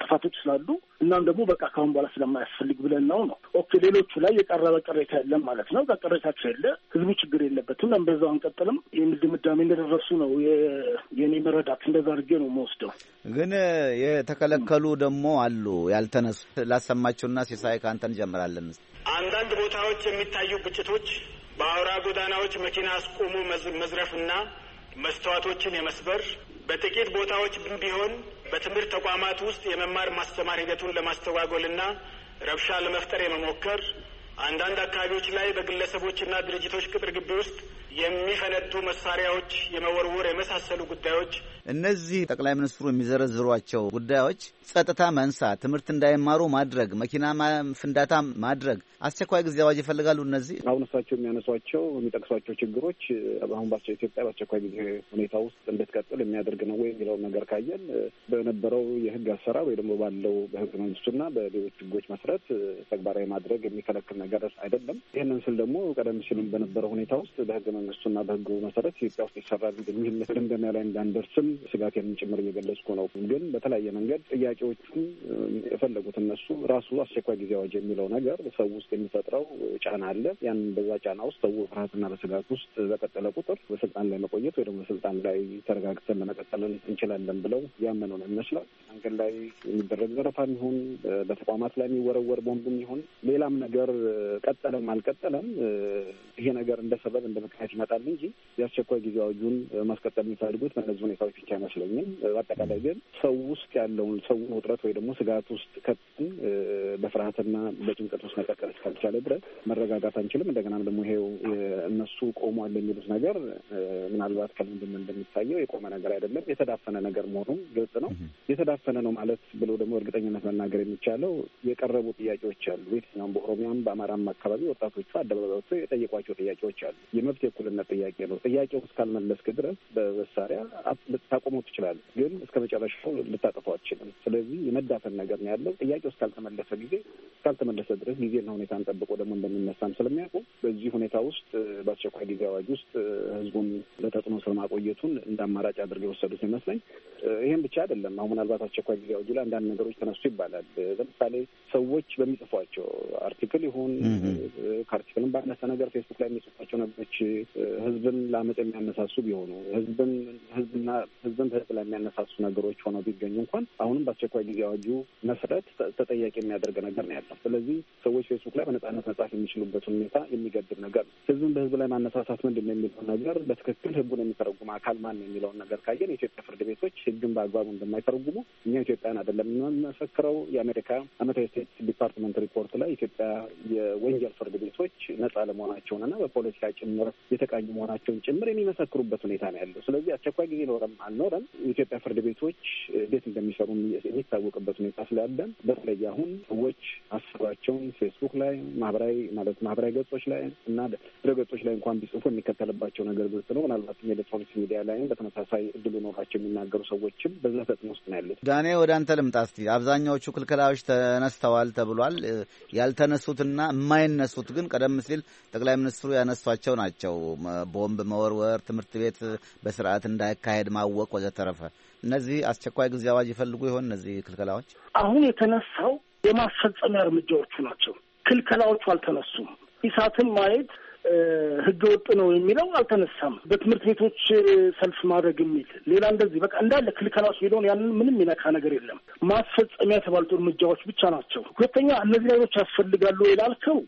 ጥፋቶች ስላሉ እናም ደግሞ በቃ ካሁን በኋላ ስለማያስፈልግ ብለን ነው ነው ኦኬ። ሌሎቹ ላይ የቀረበ ቅሬታ የለም ማለት ነው። ቅሬታቸው የለ ህዝቡ ችግር የለበትም ለምን በዛው አንቀጥልም የሚል ድምዳሜ እንደደረሱ ነው የኔ መረዳት። እንደዛ አድርጌ ነው መወስደው። ግን የተከለከሉ ደግሞ አሉ ያልተነሱ። ላሰማችሁና ሲሳይ ከአንተ እንጀምራለን። አንዳንድ ቦታዎች የሚታዩ ግጭቶች በአውራ ጎዳናዎች መኪና አስቆሙ መዝረፍና መስተዋቶችን የመስበር በጥቂት ቦታዎች ቢሆን በትምህርት ተቋማት ውስጥ የመማር ማስተማር ሂደቱን ለማስተጓጎልና ረብሻ ለመፍጠር የመሞከር አንዳንድ አካባቢዎች ላይ በግለሰቦችና ድርጅቶች ቅጥር ግቢ ውስጥ የሚፈነዱ መሳሪያዎች የመወርወር የመሳሰሉ ጉዳዮች እነዚህ ጠቅላይ ሚኒስትሩ የሚዘረዝሯቸው ጉዳዮች ጸጥታ መንሳ ትምህርት እንዳይማሩ ማድረግ፣ መኪና ፍንዳታ ማድረግ፣ አስቸኳይ ጊዜ አዋጅ ይፈልጋሉ። እነዚህ አሁን እሳቸው የሚያነሷቸው የሚጠቅሷቸው ችግሮች አሁን ባቸው ኢትዮጵያ በአስቸኳይ ጊዜ ሁኔታ ውስጥ እንድትቀጥል የሚያደርግ ነው ወይ የሚለው ነገር ካየን በነበረው የህግ አሰራር ወይ ደግሞ ባለው በህገ መንግስቱና በሌሎች ህጎች መሰረት ተግባራዊ ማድረግ የሚከለክል ነገር አይደለም። ይህንን ስል ደግሞ ቀደም ሲልም በነበረው ሁኔታ ውስጥ በህገ መንግስቱና በህጉ መሰረት ኢትዮጵያ ውስጥ ይሰራል የሚል ድምዳሜ ላይ እንዳንደርስም ስጋት ጭምር እየገለጽኩ ነው። ግን በተለያየ መንገድ ጥያቄ ጥያቄዎቹ የፈለጉት እነሱ ራሱ አስቸኳይ ጊዜ አዋጅ የሚለው ነገር ሰው ውስጥ የሚፈጥረው ጫና አለ። ያን በዛ ጫና ውስጥ ሰው ፍርሃትና በስጋት ውስጥ በቀጠለ ቁጥር በስልጣን ላይ መቆየት ወይ ደግሞ በስልጣን ላይ ተረጋግተን ለመቀጠልን እንችላለን ብለው ያመኑ ነው ይመስላል። መንገድ ላይ የሚደረግ ዘረፋ የሚሆን በተቋማት ላይ የሚወረወር ቦምብ የሚሆን ሌላም ነገር ቀጠለም አልቀጠለም ይሄ ነገር እንደ ሰበብ እንደ ምክንያት ይመጣል እንጂ የአስቸኳይ ጊዜ አዋጁን ማስቀጠል የሚፈልጉት በእነዚህ ሁኔታዎች ብቻ አይመስለኝም። በአጠቃላይ ግን ሰው ውስጥ ያለውን ሰው ውጥረት ወይ ደግሞ ስጋት ውስጥ ከትን በፍርሃትና በጭንቀት ውስጥ መቀጠል እስካልቻለ ድረስ መረጋጋት አንችልም። እንደገናም ደግሞ ይሄው እነሱ ቆሟል የሚሉት ነገር ምናልባት ከልምድም እንደሚታየው የቆመ ነገር አይደለም፣ የተዳፈነ ነገር መሆኑም ግልጽ ነው። የተዳፈነ ነው ማለት ብሎ ደግሞ እርግጠኝነት መናገር የሚቻለው የቀረቡ ጥያቄዎች አሉ። የትኛውም በኦሮሚያም በአማራም አካባቢ ወጣቶቹ አደባባይ ወጥተው የጠየቋቸው ጥያቄዎች አሉ። የመብት የእኩልነት ጥያቄ ነው። ጥያቄው እስካልመለስክ ድረስ በመሳሪያ ልታቆመው ትችላለህ፣ ግን እስከ መጨረሻው ልታጠፋው አችልም። ስለዚህ የመዳፈን ነገር ነው ያለው። ጥያቄው እስካልተመለሰ ጊዜ እስካልተመለሰ ድረስ ጊዜና ሁኔታን ጠብቆ ደግሞ እንደሚነሳም ስለሚያውቁ በዚህ ሁኔታ ውስጥ በአስቸኳይ ጊዜ አዋጅ ውስጥ ህዝቡን በተጽዕኖ ስር ማቆየቱን እንደ አማራጭ አድርገው የወሰዱት ይመስለኝ። ይህም ብቻ አይደለም። አሁን ምናልባት አስቸኳይ ጊዜ አዋጁ ላይ አንዳንድ ነገሮች ተነሱ ይባላል። ለምሳሌ ሰዎች በሚጽፏቸው አርቲክል ይሁን ከአርቲክልም ባነሰ ነገር ፌስቡክ ላይ የሚጽፏቸው ነገሮች ህዝብን ለአመፅ የሚያነሳሱ ቢሆኑ ህዝብን ህዝብና ህዝብን በህዝብ ላይ የሚያነሳሱ ነገሮች ሆነው ቢገኙ እንኳን አሁንም ቸኳይ ጊዜ አዋጁ መሰረት ተጠያቂ የሚያደርግ ነገር ነው ያለው። ስለዚህ ሰዎች ፌስቡክ ላይ በነጻነት መጻፍ የሚችሉበት ሁኔታ የሚገድብ ነገር ነው። ህዝብን በህዝብ ላይ ማነሳሳት ምንድን ነው የሚለው ነገር በትክክል ህጉን የሚተረጉም አካል ማን ነው የሚለውን ነገር ካየን የኢትዮጵያ ፍርድ ቤቶች ህግን በአግባቡ እንደማይተረጉሙ እኛ ኢትዮጵያን አይደለም የምንመሰክረው። የአሜሪካ አመታዊ ስቴት ዲፓርትመንት ሪፖርት ላይ ኢትዮጵያ የወንጀል ፍርድ ቤቶች ነጻ ለመሆናቸውንና በፖለቲካ ጭምር የተቃኙ መሆናቸውን ጭምር የሚመሰክሩበት ሁኔታ ነው ያለው። ስለዚህ አስቸኳይ ጊዜ ኖረም አልኖረም የኢትዮጵያ ፍርድ ቤቶች እንዴት እንደሚሰሩ የሚታወቅበት ሁኔታ ስላለን በተለይ አሁን ሰዎች አስባቸውን ፌስቡክ ላይ ማህበራዊ ማለት ማህበራዊ ገጾች ላይ እና ድረ ገጾች ላይ እንኳን ቢጽፉ የሚከተልባቸው ነገር ግልጽ ነው። ምናልባትም የኤሌክትሮኒክስ ሚዲያ ላይም በተመሳሳይ እድሉ ኖራቸው የሚናገሩ ሰዎችም በዛ ተጽዕኖ ውስጥ ነው ያሉት። ዳኔ ወደ አንተ ልምጣ እስቲ። አብዛኛዎቹ ክልከላዎች ተነስተዋል ተብሏል። ያልተነሱትና የማይነሱት ግን ቀደም ሲል ጠቅላይ ሚኒስትሩ ያነሷቸው ናቸው። ቦምብ መወርወር፣ ትምህርት ቤት በስርዓት እንዳይካሄድ ማወቅ ወዘተረፈ እነዚህ አስቸኳይ ጊዜ አዋጅ ይፈልጉ ይሆን? እነዚህ ክልከላዎች አሁን የተነሳው የማስፈጸሚያ እርምጃዎቹ ናቸው። ክልከላዎቹ አልተነሱም። ኢሳትን ማየት ህገወጥ ነው የሚለው አልተነሳም። በትምህርት ቤቶች ሰልፍ ማድረግ የሚል ሌላ እንደዚህ በቃ እንዳለ ክልከላዎች የሚለውን ያንን ምንም ይነካ ነገር የለም። ማስፈጸሚያ የተባሉት እርምጃዎች ብቻ ናቸው። ሁለተኛ እነዚህ ነገሮች ያስፈልጋሉ የላልከው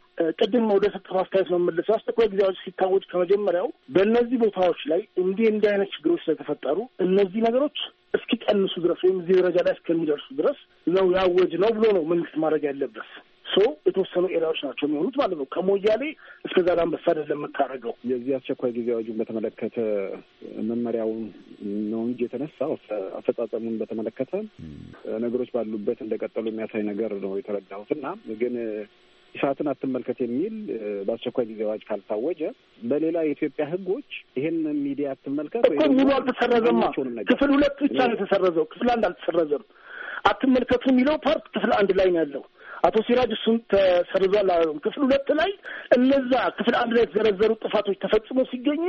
ቅድም ወደ ሰጠፍ አስተያየት ነው መመለስ አስቸኳይ ጊዜዎች ሲታወጭ ሲታወጅ ከመጀመሪያው በእነዚህ ቦታዎች ላይ እንዲህ እንዲህ አይነት ችግሮች ስለተፈጠሩ እነዚህ ነገሮች እስኪቀንሱ ድረስ ወይም እዚህ ደረጃ ላይ እስከሚደርሱ ድረስ ነው ያወጅ ነው ብሎ ነው መንግስት ማድረግ ያለበት። ሶ የተወሰኑ ኤሪያዎች ናቸው የሚሆኑት ማለት ነው። ከሞያሌ እስከ ዛሬ አንበሳ አይደለም የምታደርገው። የዚህ አስቸኳይ ጊዜ አዋጁን በተመለከተ መመሪያውን ነው እንጂ የተነሳው አፈጻጸሙን በተመለከተ ነገሮች ባሉበት እንደቀጠሉ የሚያሳይ ነገር ነው የተረዳሁት እና ግን ሰዓትን አትመልከት የሚል በአስቸኳይ ጊዜ አዋጅ ካልታወጀ በሌላ የኢትዮጵያ ሕጎች ይህን ሚዲያ አትመልከት እኮ ሙሉ አልተሰረዘማ። ክፍል ሁለት ብቻ ነው የተሰረዘው፣ ክፍል አንድ አልተሰረዘም። አትመልከቱ የሚለው ፓርት ክፍል አንድ ላይ ነው ያለው። አቶ ሲራጅ እሱን ተሰርዟል። ክፍል ሁለት ላይ እነዛ ክፍል አንድ ላይ የተዘረዘሩ ጥፋቶች ተፈጽሞ ሲገኙ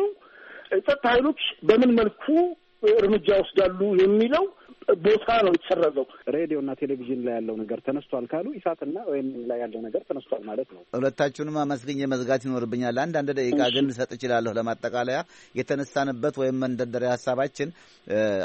ጸጥታ ኃይሎች በምን መልኩ እርምጃ ይወስዳሉ የሚለው ቦታ ነው የተሰረዘው። ሬዲዮ እና ቴሌቪዥን ላይ ያለው ነገር ተነስቷል ካሉ ኢሳትና ወይም ላይ ያለው ነገር ተነስቷል ማለት ነው። ሁለታችሁንም አመስግኜ መዝጋት ይኖርብኛል። አንዳንድ ደቂቃ ግን ልሰጥ እችላለሁ። ለማጠቃለያ የተነሳንበት ወይም መንደርደሪያ ሀሳባችን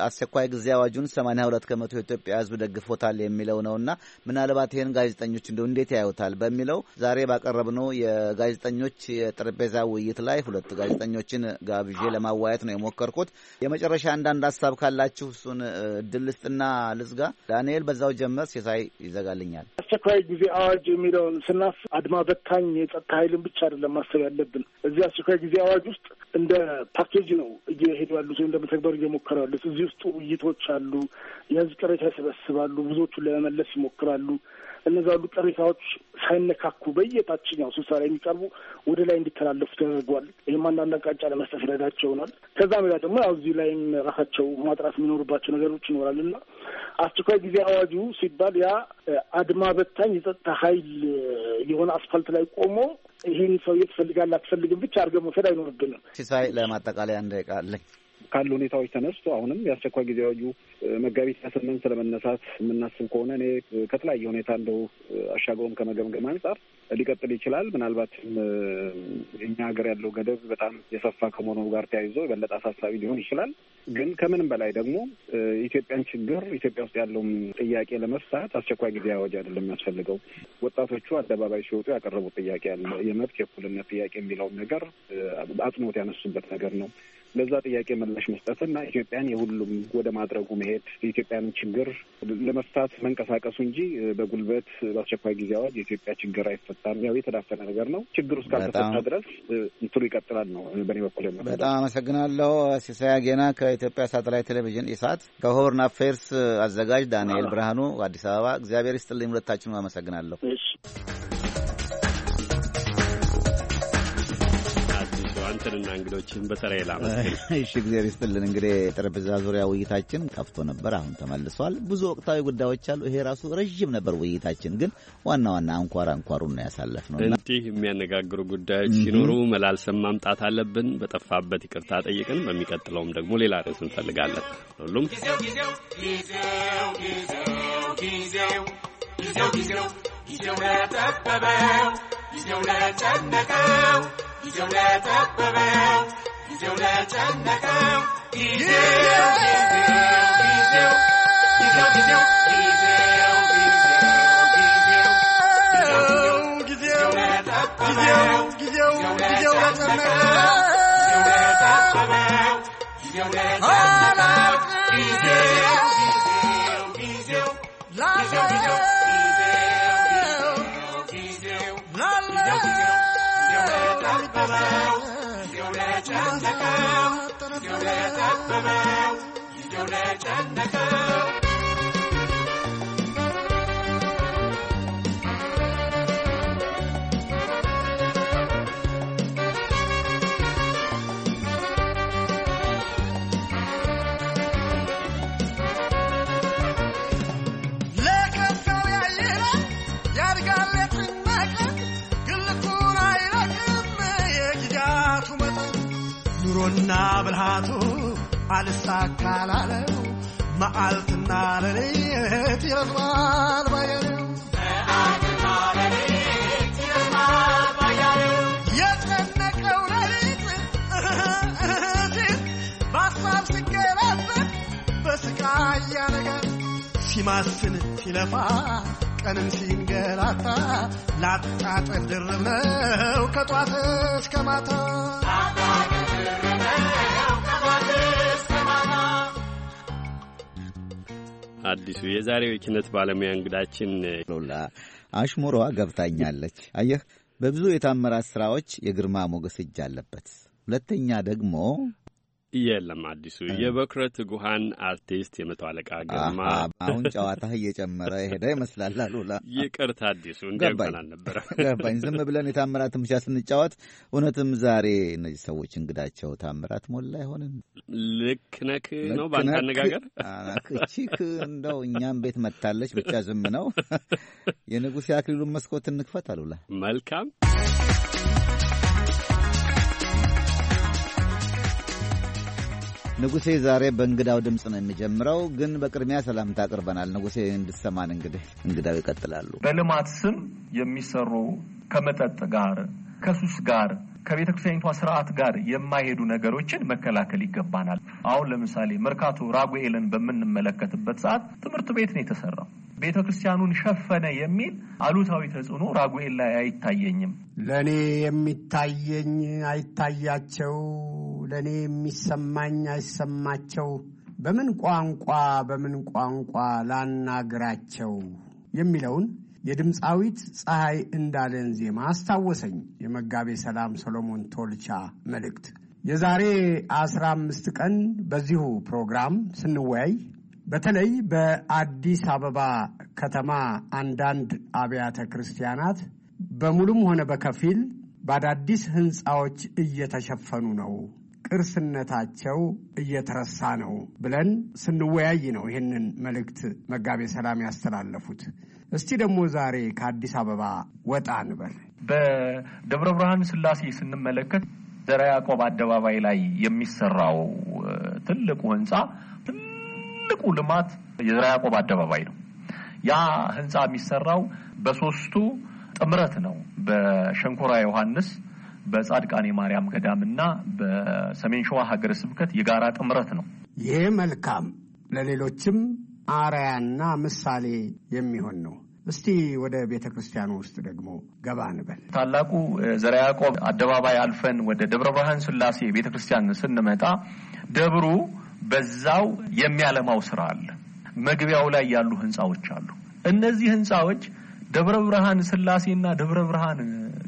አስቸኳይ ጊዜ አዋጁን ሰማንያ ሁለት ከመቶ የኢትዮጵያ ሕዝብ ደግፎታል የሚለው ነውና ምናልባት ይህን ጋዜጠኞች እንደ እንዴት ያዩታል በሚለው ዛሬ ባቀረብነው የጋዜጠኞች የጠረጴዛ ውይይት ላይ ሁለት ጋዜጠኞችን ጋብዤ ለማዋየት ነው የሞከርኩት። የመጨረሻ አንዳንድ ሀሳብ ካላችሁ እሱን እድል ልስጥና ልዝጋ። ዳንኤል በዛው ጀመር ሲሳይ ይዘጋልኛል። አስቸኳይ ጊዜ አዋጅ የሚለውን ስናስ አድማ በታኝ የጸጥታ ኃይልን ብቻ አይደለም ማሰብ ያለብን። እዚህ አስቸኳይ ጊዜ አዋጅ ውስጥ እንደ ፓኬጅ ነው እየሄዱ ያሉት ወይም ለመተግበር እየሞከሩ ያሉት። እዚህ ውስጥ ውይይቶች አሉ። የህዝብ ቅሬታ ይሰበስባሉ። ብዙዎቹን ለመመለስ ይሞክራሉ። እነዛ ሁሉ ቅሬታዎች ሳይነካኩ በየታችኛው ስብሰባ ላይ የሚቀርቡ ወደ ላይ እንዲተላለፉ ተደርጓል። ይህም አንዳንድ አቅጣጫ ለመስጠት ይረዳቸው ይሆናል። ከዛ ሜዳ ደግሞ ያው እዚሁ ላይም ራሳቸው ማጥራት የሚኖርባቸው ነገሮች ይኖራል እና አስቸኳይ ጊዜ አዋጁ ሲባል ያ አድማ በታኝ የጸጥታ ኃይል የሆነ አስፋልት ላይ ቆሞ ይህን ሰውዬ ትፈልጋለህ አትፈልግም ብቻ አድርገህ መውሰድ አይኖርብንም። ሲሳይ ለማጠቃለያ እንደቃለኝ ካሉ ሁኔታዎች ተነስቶ አሁንም የአስቸኳይ ጊዜ አዋጁ መጋቢት ያስምን ስለመነሳት የምናስብ ከሆነ እኔ ከተለያየ ሁኔታ እንደው አሻገሩም ከመገምገም አንጻር ሊቀጥል ይችላል። ምናልባትም እኛ ሀገር ያለው ገደብ በጣም የሰፋ ከመሆኑ ጋር ተያይዞ የበለጠ አሳሳቢ ሊሆን ይችላል። ግን ከምንም በላይ ደግሞ ኢትዮጵያን ችግር ኢትዮጵያ ውስጥ ያለውን ጥያቄ ለመፍታት አስቸኳይ ጊዜ አዋጅ አይደለም የሚያስፈልገው። ወጣቶቹ አደባባይ ሲወጡ ያቀረቡት ጥያቄ አለ። የመብት የእኩልነት ጥያቄ የሚለውን ነገር አጽንኦት ያነሱበት ነገር ነው። ለዛ ጥያቄ ምላሽ መስጠትና ኢትዮጵያን የሁሉም ወደ ማድረጉ መሄድ የኢትዮጵያንን ችግር ለመፍታት መንቀሳቀሱ እንጂ በጉልበት በአስቸኳይ ጊዜ አዋጅ የኢትዮጵያ ችግር አይፈታም። ያው የተዳፈነ ነገር ነው። ችግሩ እስካልተፈታ ድረስ እንትሉ ይቀጥላል ነው በእኔ በኩል የመ በጣም አመሰግናለሁ። ሲሳያ ጌና ከኢትዮጵያ ሳተላይት ቴሌቪዥን ኢሳት፣ ከሆርን አፌርስ አዘጋጅ ዳንኤል ብርሃኑ አዲስ አበባ። እግዚአብሔር ይስጥልኝ ሁለታችንም አመሰግናለሁ። አንተንና እንግዶችን በተለይ ላመስግን። እሺ እግዚአብሔር ይስጥልን። እንግዲህ ጠረጴዛ ዙሪያ ውይይታችን ጠፍቶ ነበር፣ አሁን ተመልሷል። ብዙ ወቅታዊ ጉዳዮች አሉ። ይሄ ራሱ ረዥም ነበር ውይይታችን፣ ግን ዋና ዋና አንኳር አንኳሩን ነው ያሳለፍነው። እንዲህ የሚያነጋግሩ ጉዳዮች ሲኖሩ መላልሰን ማምጣት አለብን። በጠፋበት ይቅርታ ጠይቅን። በሚቀጥለውም ደግሞ ሌላ ርዕስ እንፈልጋለን። ሁሉም ጊዜው ጊዜው ጊዜው ጊዜው ጊዜው ጊዜው ጊዜው ጊዜው ጊዜው ጊዜው ጊዜው ጊዜው ጊዜው ጊዜው ጊዜው ጊዜው ለጨነቀው ይዘውነት አበበ ይዘውነት አነቀው ጊዜው ጊዜው ጊዜው ጊዜው ጊዜው All I ለጠበበው ይዘው ለጨነቀው ይዘው ለጠበበው ይዘው ለጨነቀው ኑሮና ብልሃቱ አልሳካ መዓልትና ሌሊት ይረዝማል ሲማስን ሲለፋ ቀንም ሲንገላታ ላጣጠር ድርብ ነው ከጧት እስከ ማታ አዲሱ የዛሬው የኪነት ባለሙያ እንግዳችን ሎላ አሽሙሯ ገብታኛለች። አየህ በብዙ የታምራት ስራዎች የግርማ ሞገስ እጅ አለበት። ሁለተኛ ደግሞ የለም አዲሱ የበኩረ ትጉሃን አርቲስት የመቶ አለቃ ግርማ አሁን ጨዋታ እየጨመረ ሄደ ይመስላል። አሉላ ይቅርታ አዲሱ እንዲያባን አልነበረ ገባኝ። ዝም ብለን የታምራት ምሻ ስንጫወት እውነትም ዛሬ እነዚህ ሰዎች እንግዳቸው ታምራት ሞላ አይሆንም። ልክ ነክ ነው በአንድ አነጋገር ክቺክ እንደው እኛም ቤት መታለች ብቻ ዝም ነው። የንጉሴ አክሊሉን መስኮት እንክፈት። አሉላ መልካም ንጉሴ ዛሬ በእንግዳው ድምፅ ነው የሚጀምረው፣ ግን በቅድሚያ ሰላምታ አቅርበናል። ንጉሴ እንድሰማን እንግዲህ እንግዳው ይቀጥላሉ። በልማት ስም የሚሰሩ ከመጠጥ ጋር ከሱስ ጋር ከቤተ ክርስቲያኒቷ ስርዓት ጋር የማይሄዱ ነገሮችን መከላከል ይገባናል። አሁን ለምሳሌ መርካቶ ራጉኤልን በምንመለከትበት ሰዓት ትምህርት ቤት ነው የተሰራው። ቤተ ክርስቲያኑን ሸፈነ የሚል አሉታዊ ተጽዕኖ ራጉኤል ላይ አይታየኝም። ለእኔ የሚታየኝ አይታያቸው፣ ለእኔ የሚሰማኝ አይሰማቸው፣ በምን ቋንቋ በምን ቋንቋ ላናግራቸው የሚለውን የድምፃዊት ፀሐይ እንዳለን ዜማ አስታወሰኝ የመጋቤ ሰላም ሰሎሞን ቶልቻ መልእክት። የዛሬ አስራ አምስት ቀን በዚሁ ፕሮግራም ስንወያይ በተለይ በአዲስ አበባ ከተማ አንዳንድ አብያተ ክርስቲያናት በሙሉም ሆነ በከፊል በአዳዲስ ህንፃዎች እየተሸፈኑ ነው ቅርስነታቸው እየተረሳ ነው ብለን ስንወያይ ነው ይህንን መልእክት መጋቤ ሰላም ያስተላለፉት። እስቲ ደግሞ ዛሬ ከአዲስ አበባ ወጣ እንበል። በደብረ ብርሃን ስላሴ ስንመለከት ዘራ ያዕቆብ አደባባይ ላይ የሚሰራው ትልቁ ህንፃ ትልቁ ልማት የዘራ ያዕቆብ አደባባይ ነው። ያ ህንፃ የሚሰራው በሶስቱ ጥምረት ነው። በሸንኮራ ዮሐንስ በጻድቃኔ ማርያም ገዳም እና በሰሜን ሸዋ ሀገረ ስብከት የጋራ ጥምረት ነው። ይህ መልካም ለሌሎችም አርያና ምሳሌ የሚሆን ነው። እስቲ ወደ ቤተ ክርስቲያኑ ውስጥ ደግሞ ገባ እንበል። ታላቁ ዘርዓ ያዕቆብ አደባባይ አልፈን ወደ ደብረ ብርሃን ስላሴ ቤተ ክርስቲያን ስንመጣ ደብሩ በዛው የሚያለማው ስራ አለ። መግቢያው ላይ ያሉ ህንፃዎች አሉ። እነዚህ ህንፃዎች ደብረ ብርሃን ስላሴና ደብረ ብርሃን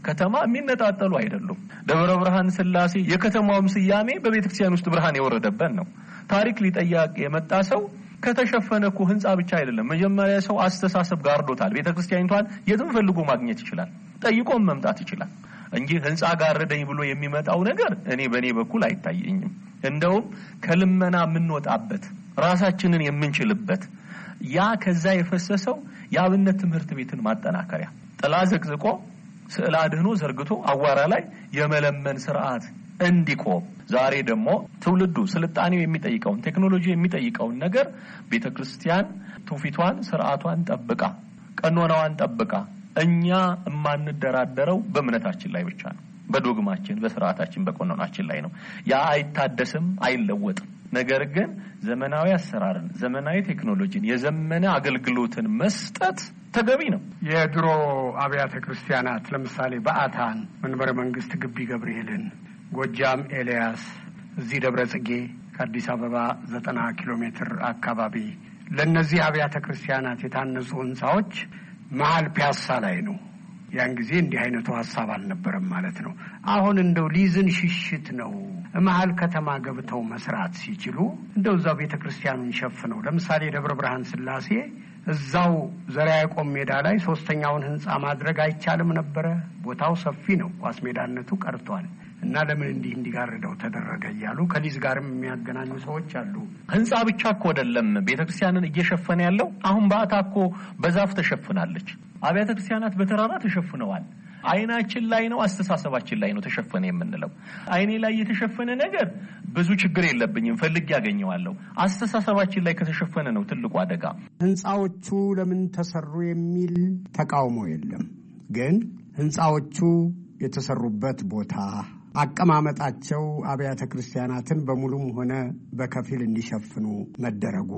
ከተማ የሚነጣጠሉ አይደሉም። ደብረ ብርሃን ስላሴ የከተማውም ስያሜ በቤተክርስቲያን ውስጥ ብርሃን የወረደበት ነው። ታሪክ ሊጠያቅ የመጣ ሰው ከተሸፈነ እኮ ህንፃ ብቻ አይደለም። መጀመሪያ ሰው አስተሳሰብ ጋርዶታል። ቤተ ክርስቲያኒቷን የትም ፈልጎ ማግኘት ይችላል፣ ጠይቆም መምጣት ይችላል እንጂ ህንፃ ጋረደኝ ብሎ የሚመጣው ነገር እኔ በእኔ በኩል አይታየኝም። እንደውም ከልመና የምንወጣበት ራሳችንን የምንችልበት ያ ከዛ የፈሰሰው የአብነት ትምህርት ቤትን ማጠናከሪያ ጥላ ዘቅዝቆ ስዕል አድህኖ ዘርግቶ አዋራ ላይ የመለመን ስርዓት እንዲቆም ዛሬ ደግሞ ትውልዱ ስልጣኔው የሚጠይቀውን ቴክኖሎጂ የሚጠይቀውን ነገር ቤተ ክርስቲያን ትውፊቷን፣ ስርዓቷን ጠብቃ ቀኖናዋን ጠብቃ እኛ የማንደራደረው በእምነታችን ላይ ብቻ ነው። በዶግማችን፣ በስርዓታችን፣ በቆነናችን ላይ ነው። ያ አይታደስም፣ አይለወጥም። ነገር ግን ዘመናዊ አሰራርን፣ ዘመናዊ ቴክኖሎጂን፣ የዘመነ አገልግሎትን መስጠት ተገቢ ነው። የድሮ አብያተ ክርስቲያናት ለምሳሌ በአታን መንበረ መንግስት ግቢ ገብርኤልን፣ ጎጃም ኤልያስ፣ እዚህ ደብረ ጽጌ ከአዲስ አበባ ዘጠና ኪሎ ሜትር አካባቢ ለእነዚህ አብያተ ክርስቲያናት የታነጹ ህንፃዎች መሀል ፒያሳ ላይ ነው ያን ጊዜ እንዲህ አይነቱ ሀሳብ አልነበረም ማለት ነው። አሁን እንደው ሊዝን ሽሽት ነው መሀል ከተማ ገብተው መስራት ሲችሉ እንደው እዛው ቤተ ክርስቲያኑን ሸፍነው ለምሳሌ ደብረ ብርሃን ስላሴ እዛው ዘርዓ ያዕቆብ ሜዳ ላይ ሶስተኛውን ህንፃ ማድረግ አይቻልም ነበረ? ቦታው ሰፊ ነው። ኳስ ሜዳነቱ ቀርቷል። እና ለምን እንዲህ እንዲጋርደው ተደረገ እያሉ ከዲስ ጋርም የሚያገናኙ ሰዎች አሉ። ህንፃ ብቻ እኮ አይደለም ቤተ ክርስቲያንን እየሸፈነ ያለው። አሁን በአታ እኮ በዛፍ ተሸፍናለች። አብያተ ክርስቲያናት በተራራ ተሸፍነዋል። አይናችን ላይ ነው፣ አስተሳሰባችን ላይ ነው ተሸፈነ የምንለው። አይኔ ላይ የተሸፈነ ነገር ብዙ ችግር የለብኝም ፈልግ ያገኘዋለሁ። አስተሳሰባችን ላይ ከተሸፈነ ነው ትልቁ አደጋ። ህንፃዎቹ ለምን ተሰሩ የሚል ተቃውሞ የለም። ግን ህንፃዎቹ የተሰሩበት ቦታ አቀማመጣቸው አብያተ ክርስቲያናትን በሙሉም ሆነ በከፊል እንዲሸፍኑ መደረጉ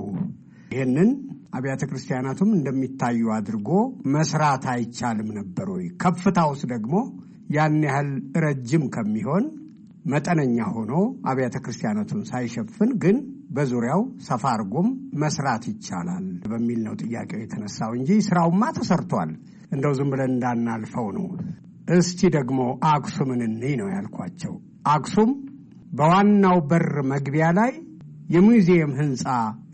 ይህንን አብያተ ክርስቲያናቱም እንደሚታዩ አድርጎ መስራት አይቻልም ነበር ወይ? ከፍታውስ ደግሞ ያን ያህል ረጅም ከሚሆን መጠነኛ ሆኖ አብያተ ክርስቲያናቱን ሳይሸፍን ግን በዙሪያው ሰፋ አርጎም መስራት ይቻላል በሚል ነው ጥያቄው የተነሳው እንጂ ስራውማ ተሰርቷል። እንደው ዝም ብለን እንዳናልፈው ነው። እስቲ ደግሞ አክሱምን እንይ ነው ያልኳቸው። አክሱም በዋናው በር መግቢያ ላይ የሙዚየም ህንፃ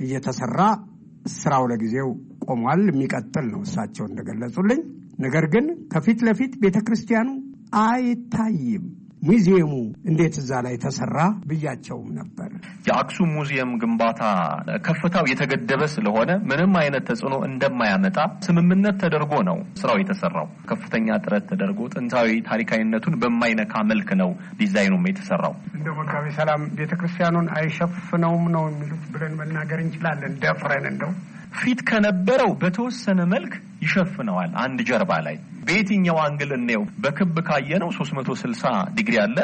እየተሰራ ስራው ለጊዜው ቆሟል። የሚቀጥል ነው እሳቸው እንደገለጹልኝ። ነገር ግን ከፊት ለፊት ቤተ ክርስቲያኑ አይታይም። ሙዚየሙ እንዴት እዛ ላይ ተሰራ ብያቸውም ነበር። የአክሱም ሙዚየም ግንባታ ከፍታው የተገደበ ስለሆነ ምንም አይነት ተጽዕኖ እንደማያመጣ ስምምነት ተደርጎ ነው ስራው የተሰራው። ከፍተኛ ጥረት ተደርጎ ጥንታዊ ታሪካዊነቱን በማይነካ መልክ ነው ዲዛይኑም የተሰራው። እንደ መጋቤ ሰላም ቤተክርስቲያኑን አይሸፍነውም ነው የሚሉት ብለን መናገር እንችላለን ደፍረን እንደው ፊት ከነበረው በተወሰነ መልክ ይሸፍነዋል አንድ ጀርባ ላይ በየትኛው አንግል እንየው። በክብ ካየነው ሶስት መቶ ስልሳ ዲግሪ አለ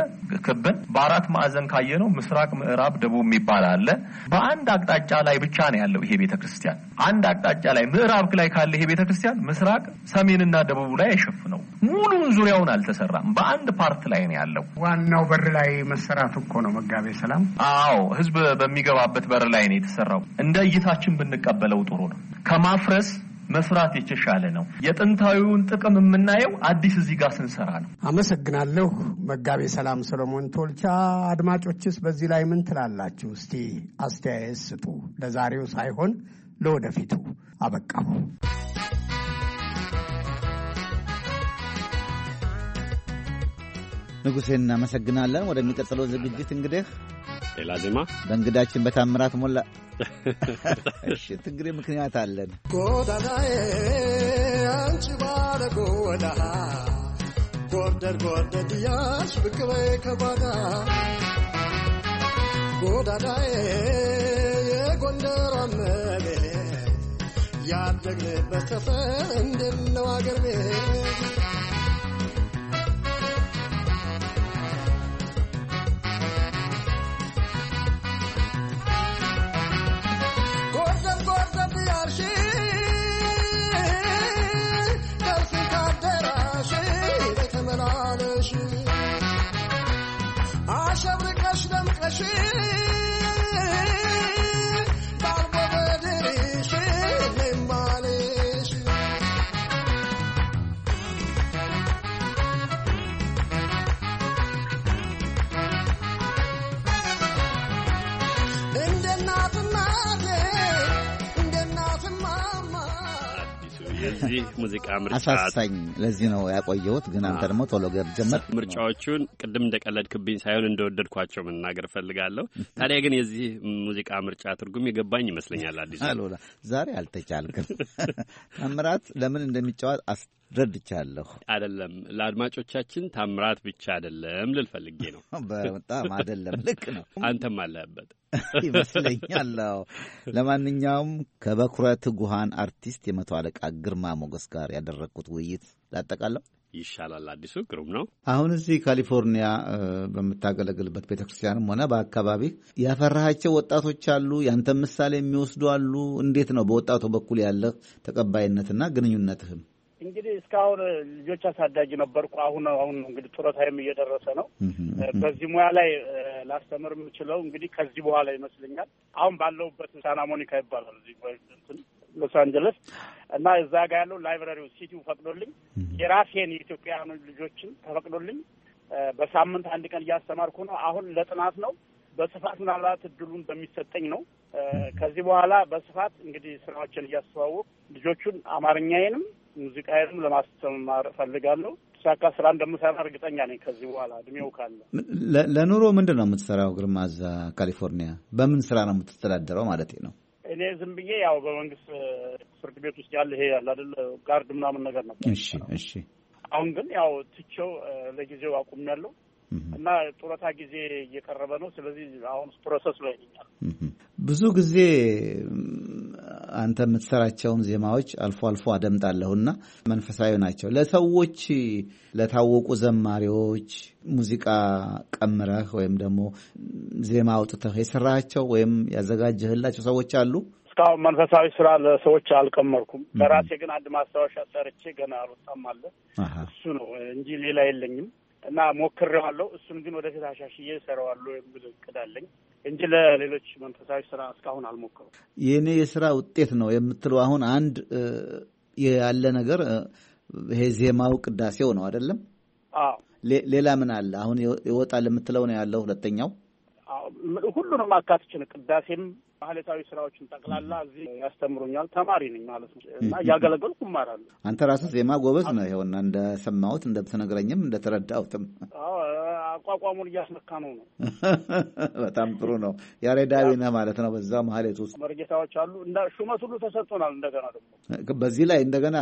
ክብን። በአራት ማዕዘን ካየነው ምስራቅ፣ ምዕራብ፣ ደቡብ የሚባል አለ። በአንድ አቅጣጫ ላይ ብቻ ነው ያለው ይሄ ቤተክርስቲያን አንድ አቅጣጫ ላይ ምዕራብ ላይ ካለ ይሄ ቤተክርስቲያን ምስራቅ፣ ሰሜንና ደቡብ ላይ አይሸፍነው። ሙሉን ዙሪያውን አልተሰራም። በአንድ ፓርት ላይ ነው ያለው። ዋናው በር ላይ መሰራት እኮ ነው መጋቤ ሰላም። አዎ ህዝብ በሚገባበት በር ላይ ነው የተሰራው። እንደ እይታችን ብንቀበለው ጥሩ ነው ከማፍረስ መስራት የተሻለ ነው። የጥንታዊውን ጥቅም የምናየው አዲስ እዚህ ጋር ስንሰራ ነው። አመሰግናለሁ መጋቤ ሰላም ሰሎሞን ቶልቻ። አድማጮችስ በዚህ ላይ ምን ትላላችሁ? እስቲ አስተያየት ስጡ። ለዛሬው ሳይሆን ለወደፊቱ አበቃሁ። ንጉሴ እናመሰግናለን። ወደሚቀጥለው ዝግጅት እንግዲህ ሌላ ዜማ በእንግዳችን በታምራት ሞላ እሺ፣ ትግሬ ምክንያት አለን ጎዳናዬ አንቺ ባለ ጎዳ ጎርደር ጎርደር ድያሽ ብቅ በይ ከጓዳ ጎዳናዬ የጎንደሯ መቤት ያደግንበት ሰፈር እንድነው አገር ቤት Cheers. የዚህ ሙዚቃ ምርጫ አሳሳኝ። ለዚህ ነው ያቆየሁት። ግን አንተ ደግሞ ቶሎ ጀመር። ምርጫዎቹን ቅድም እንደቀለድክብኝ ሳይሆን እንደወደድኳቸው መናገር እፈልጋለሁ። ታዲያ ግን የዚህ ሙዚቃ ምርጫ ትርጉም የገባኝ ይመስለኛል። አዲስ ዛሬ አልተቻልክም። ታምራት ለምን እንደሚጫወት ረድቻለሁ። አይደለም ለአድማጮቻችን ታምራት ብቻ አይደለም ልልፈልጌ ነው። በጣም አይደለም፣ ልክ ነው። አንተም አለህበት ይመስለኛል። ለማንኛውም ከበኩረ ትጉሃን አርቲስት የመቶ አለቃ ግርማ ሞገስ ጋር ያደረግኩት ውይይት ላጠቃለሁ ይሻላል። አዲሱ ግሩም ነው። አሁን እዚህ ካሊፎርኒያ በምታገለግልበት ቤተክርስቲያንም ሆነ በአካባቢ ያፈራሃቸው ወጣቶች አሉ፣ ያንተ ምሳሌ የሚወስዱ አሉ። እንዴት ነው በወጣቱ በኩል ያለህ ተቀባይነትና ግንኙነትህም? እንግዲህ እስካሁን ልጆች አሳዳጊ ነበርኩ። አሁን አሁን እንግዲህ ጡረታዬም እየደረሰ ነው። በዚህ ሙያ ላይ ላስተምር የምችለው እንግዲህ ከዚህ በኋላ ይመስለኛል። አሁን ባለሁበት ሳና ሞኒካ ይባላል ሎስ አንጀለስ እና እዛ ጋ ያለው ላይብራሪው ሲቲው ፈቅዶልኝ የራሴን የኢትዮጵያውያኑ ልጆችን ተፈቅዶልኝ በሳምንት አንድ ቀን እያስተማርኩ ነው። አሁን ለጥናት ነው በስፋት ምናልባት እድሉን በሚሰጠኝ ነው። ከዚህ በኋላ በስፋት እንግዲህ ስራዎችን እያስተዋወቁ ልጆቹን አማርኛዬንም ሙዚቃዬንም ለማስተማር እፈልጋለሁ። ሳካ ስራ እንደምሰራ እርግጠኛ ነኝ። ከዚህ በኋላ እድሜው ካለ ለኑሮ ምንድን ነው የምትሰራው? ግርማዛ ካሊፎርኒያ በምን ስራ ነው የምትተዳደረው ማለት ነው? እኔ ዝም ብዬ ያው በመንግስት ፍርድ ቤት ውስጥ ያለ ይሄ ያለ አይደል ጋርድ ምናምን ነገር ነበር። እሺ፣ እሺ። አሁን ግን ያው ትቼው ለጊዜው አቁሜያለሁ እና ጡረታ ጊዜ እየቀረበ ነው። ስለዚህ አሁን ፕሮሰስ ላይ ይገኛል። ብዙ ጊዜ አንተ የምትሰራቸውን ዜማዎች አልፎ አልፎ አደምጣለሁና መንፈሳዊ ናቸው። ለሰዎች ለታወቁ ዘማሪዎች ሙዚቃ ቀምረህ ወይም ደግሞ ዜማ አውጥተህ የሰራቸው ወይም ያዘጋጀህላቸው ሰዎች አሉ? እስካሁን መንፈሳዊ ስራ ለሰዎች አልቀመርኩም። ለራሴ ግን አንድ ማስታወሻ ሰርቼ ገና አልወጣም አለ። እሱ ነው እንጂ ሌላ የለኝም። እና ሞክሬዋለሁ። እሱን ግን ወደፊት አሻሽዬ እሰራዋለሁ የሚል እቅድ አለኝ እንጂ ለሌሎች መንፈሳዊ ስራ እስካሁን አልሞከሩም። የእኔ የስራ ውጤት ነው የምትለው አሁን አንድ ያለ ነገር ይሄ ዜማው ቅዳሴው ነው አይደለም? ሌላ ምን አለ አሁን ይወጣል የምትለው ነው ያለው? ሁለተኛው ሁሉንም አካትችን ቅዳሴም ማህሌታዊ ስራዎችን ጠቅላላ እዚህ ያስተምሩኛል። ተማሪ ነኝ ማለት ነው እና እያገለገልኩ እማራለሁ። አንተ ራስህ ዜማ ጎበዝ ነው ይሆና እንደሰማሁት እንደምትነግረኝም እንደተረዳሁትም አቋቋሙን እያስነካ ነው ነው። በጣም ጥሩ ነው። ያሬዳዊ ነህ ማለት ነው። በዛ ማህሌት ውስጥ መርጌታዎች አሉ። ሹመት ሁሉ ተሰጥቶናል። እንደገና ደግሞ በዚህ ላይ እንደገና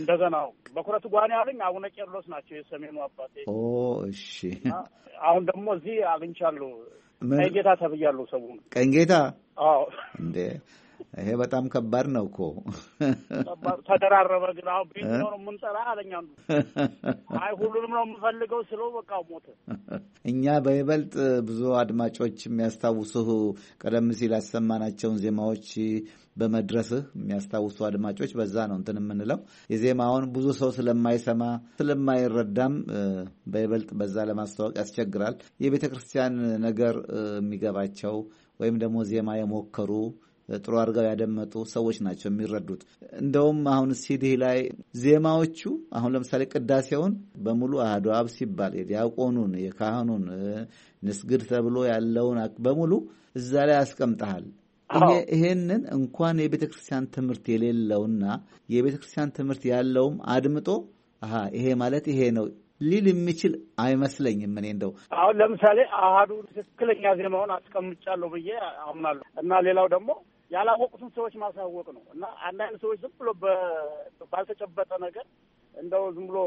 እንደገና በኩረት ጓኔ አለኝ አቡነ ቄርሎስ ናቸው የሰሜኑ አባቴ። እሺ አሁን ደግሞ እዚህ አግኝቻለሁ ቀኝ ጌታ ተብያለሁ። ሰው ቀኝ ጌታ እንዴ! ይሄ በጣም ከባድ ነው እኮ ተደራረበ። ግን አሁን ቤት ነው የምንጠራ አለኝ አይ ሁሉንም ነው የምፈልገው ስለው በቃ ሞተ። እኛ በይበልጥ ብዙ አድማጮች የሚያስታውሱህ ቀደም ሲል ያሰማናቸውን ዜማዎች በመድረስህ የሚያስታውሱ አድማጮች በዛ ነው እንትን የምንለው የዜማውን ብዙ ሰው ስለማይሰማ ስለማይረዳም በይበልጥ በዛ ለማስታወቅ ያስቸግራል። የቤተ ክርስቲያን ነገር የሚገባቸው ወይም ደግሞ ዜማ የሞከሩ ጥሩ አድርገው ያደመጡ ሰዎች ናቸው የሚረዱት። እንደውም አሁን ሲዲ ላይ ዜማዎቹ አሁን ለምሳሌ ቅዳሴውን በሙሉ አህዶ አብ ሲባል የዲያቆኑን የካህኑን ንስግድ ተብሎ ያለውን በሙሉ እዛ ላይ ያስቀምጠሃል። ይሄንን እንኳን የቤተ ክርስቲያን ትምህርት የሌለውና የቤተ ክርስቲያን ትምህርት ያለውም አድምጦ አሀ ይሄ ማለት ይሄ ነው ሊል የሚችል አይመስለኝም። እኔ እንደው አሁን ለምሳሌ አህዱ ትክክለኛ ዜማውን አስቀምጫለሁ ብዬ አምናለሁ እና ሌላው ደግሞ ያላወቁትን ሰዎች ማሳወቅ ነው እና አንዳንድ ሰዎች ዝም ብሎ ባልተጨበጠ ነገር እንደው ዝም ብሎ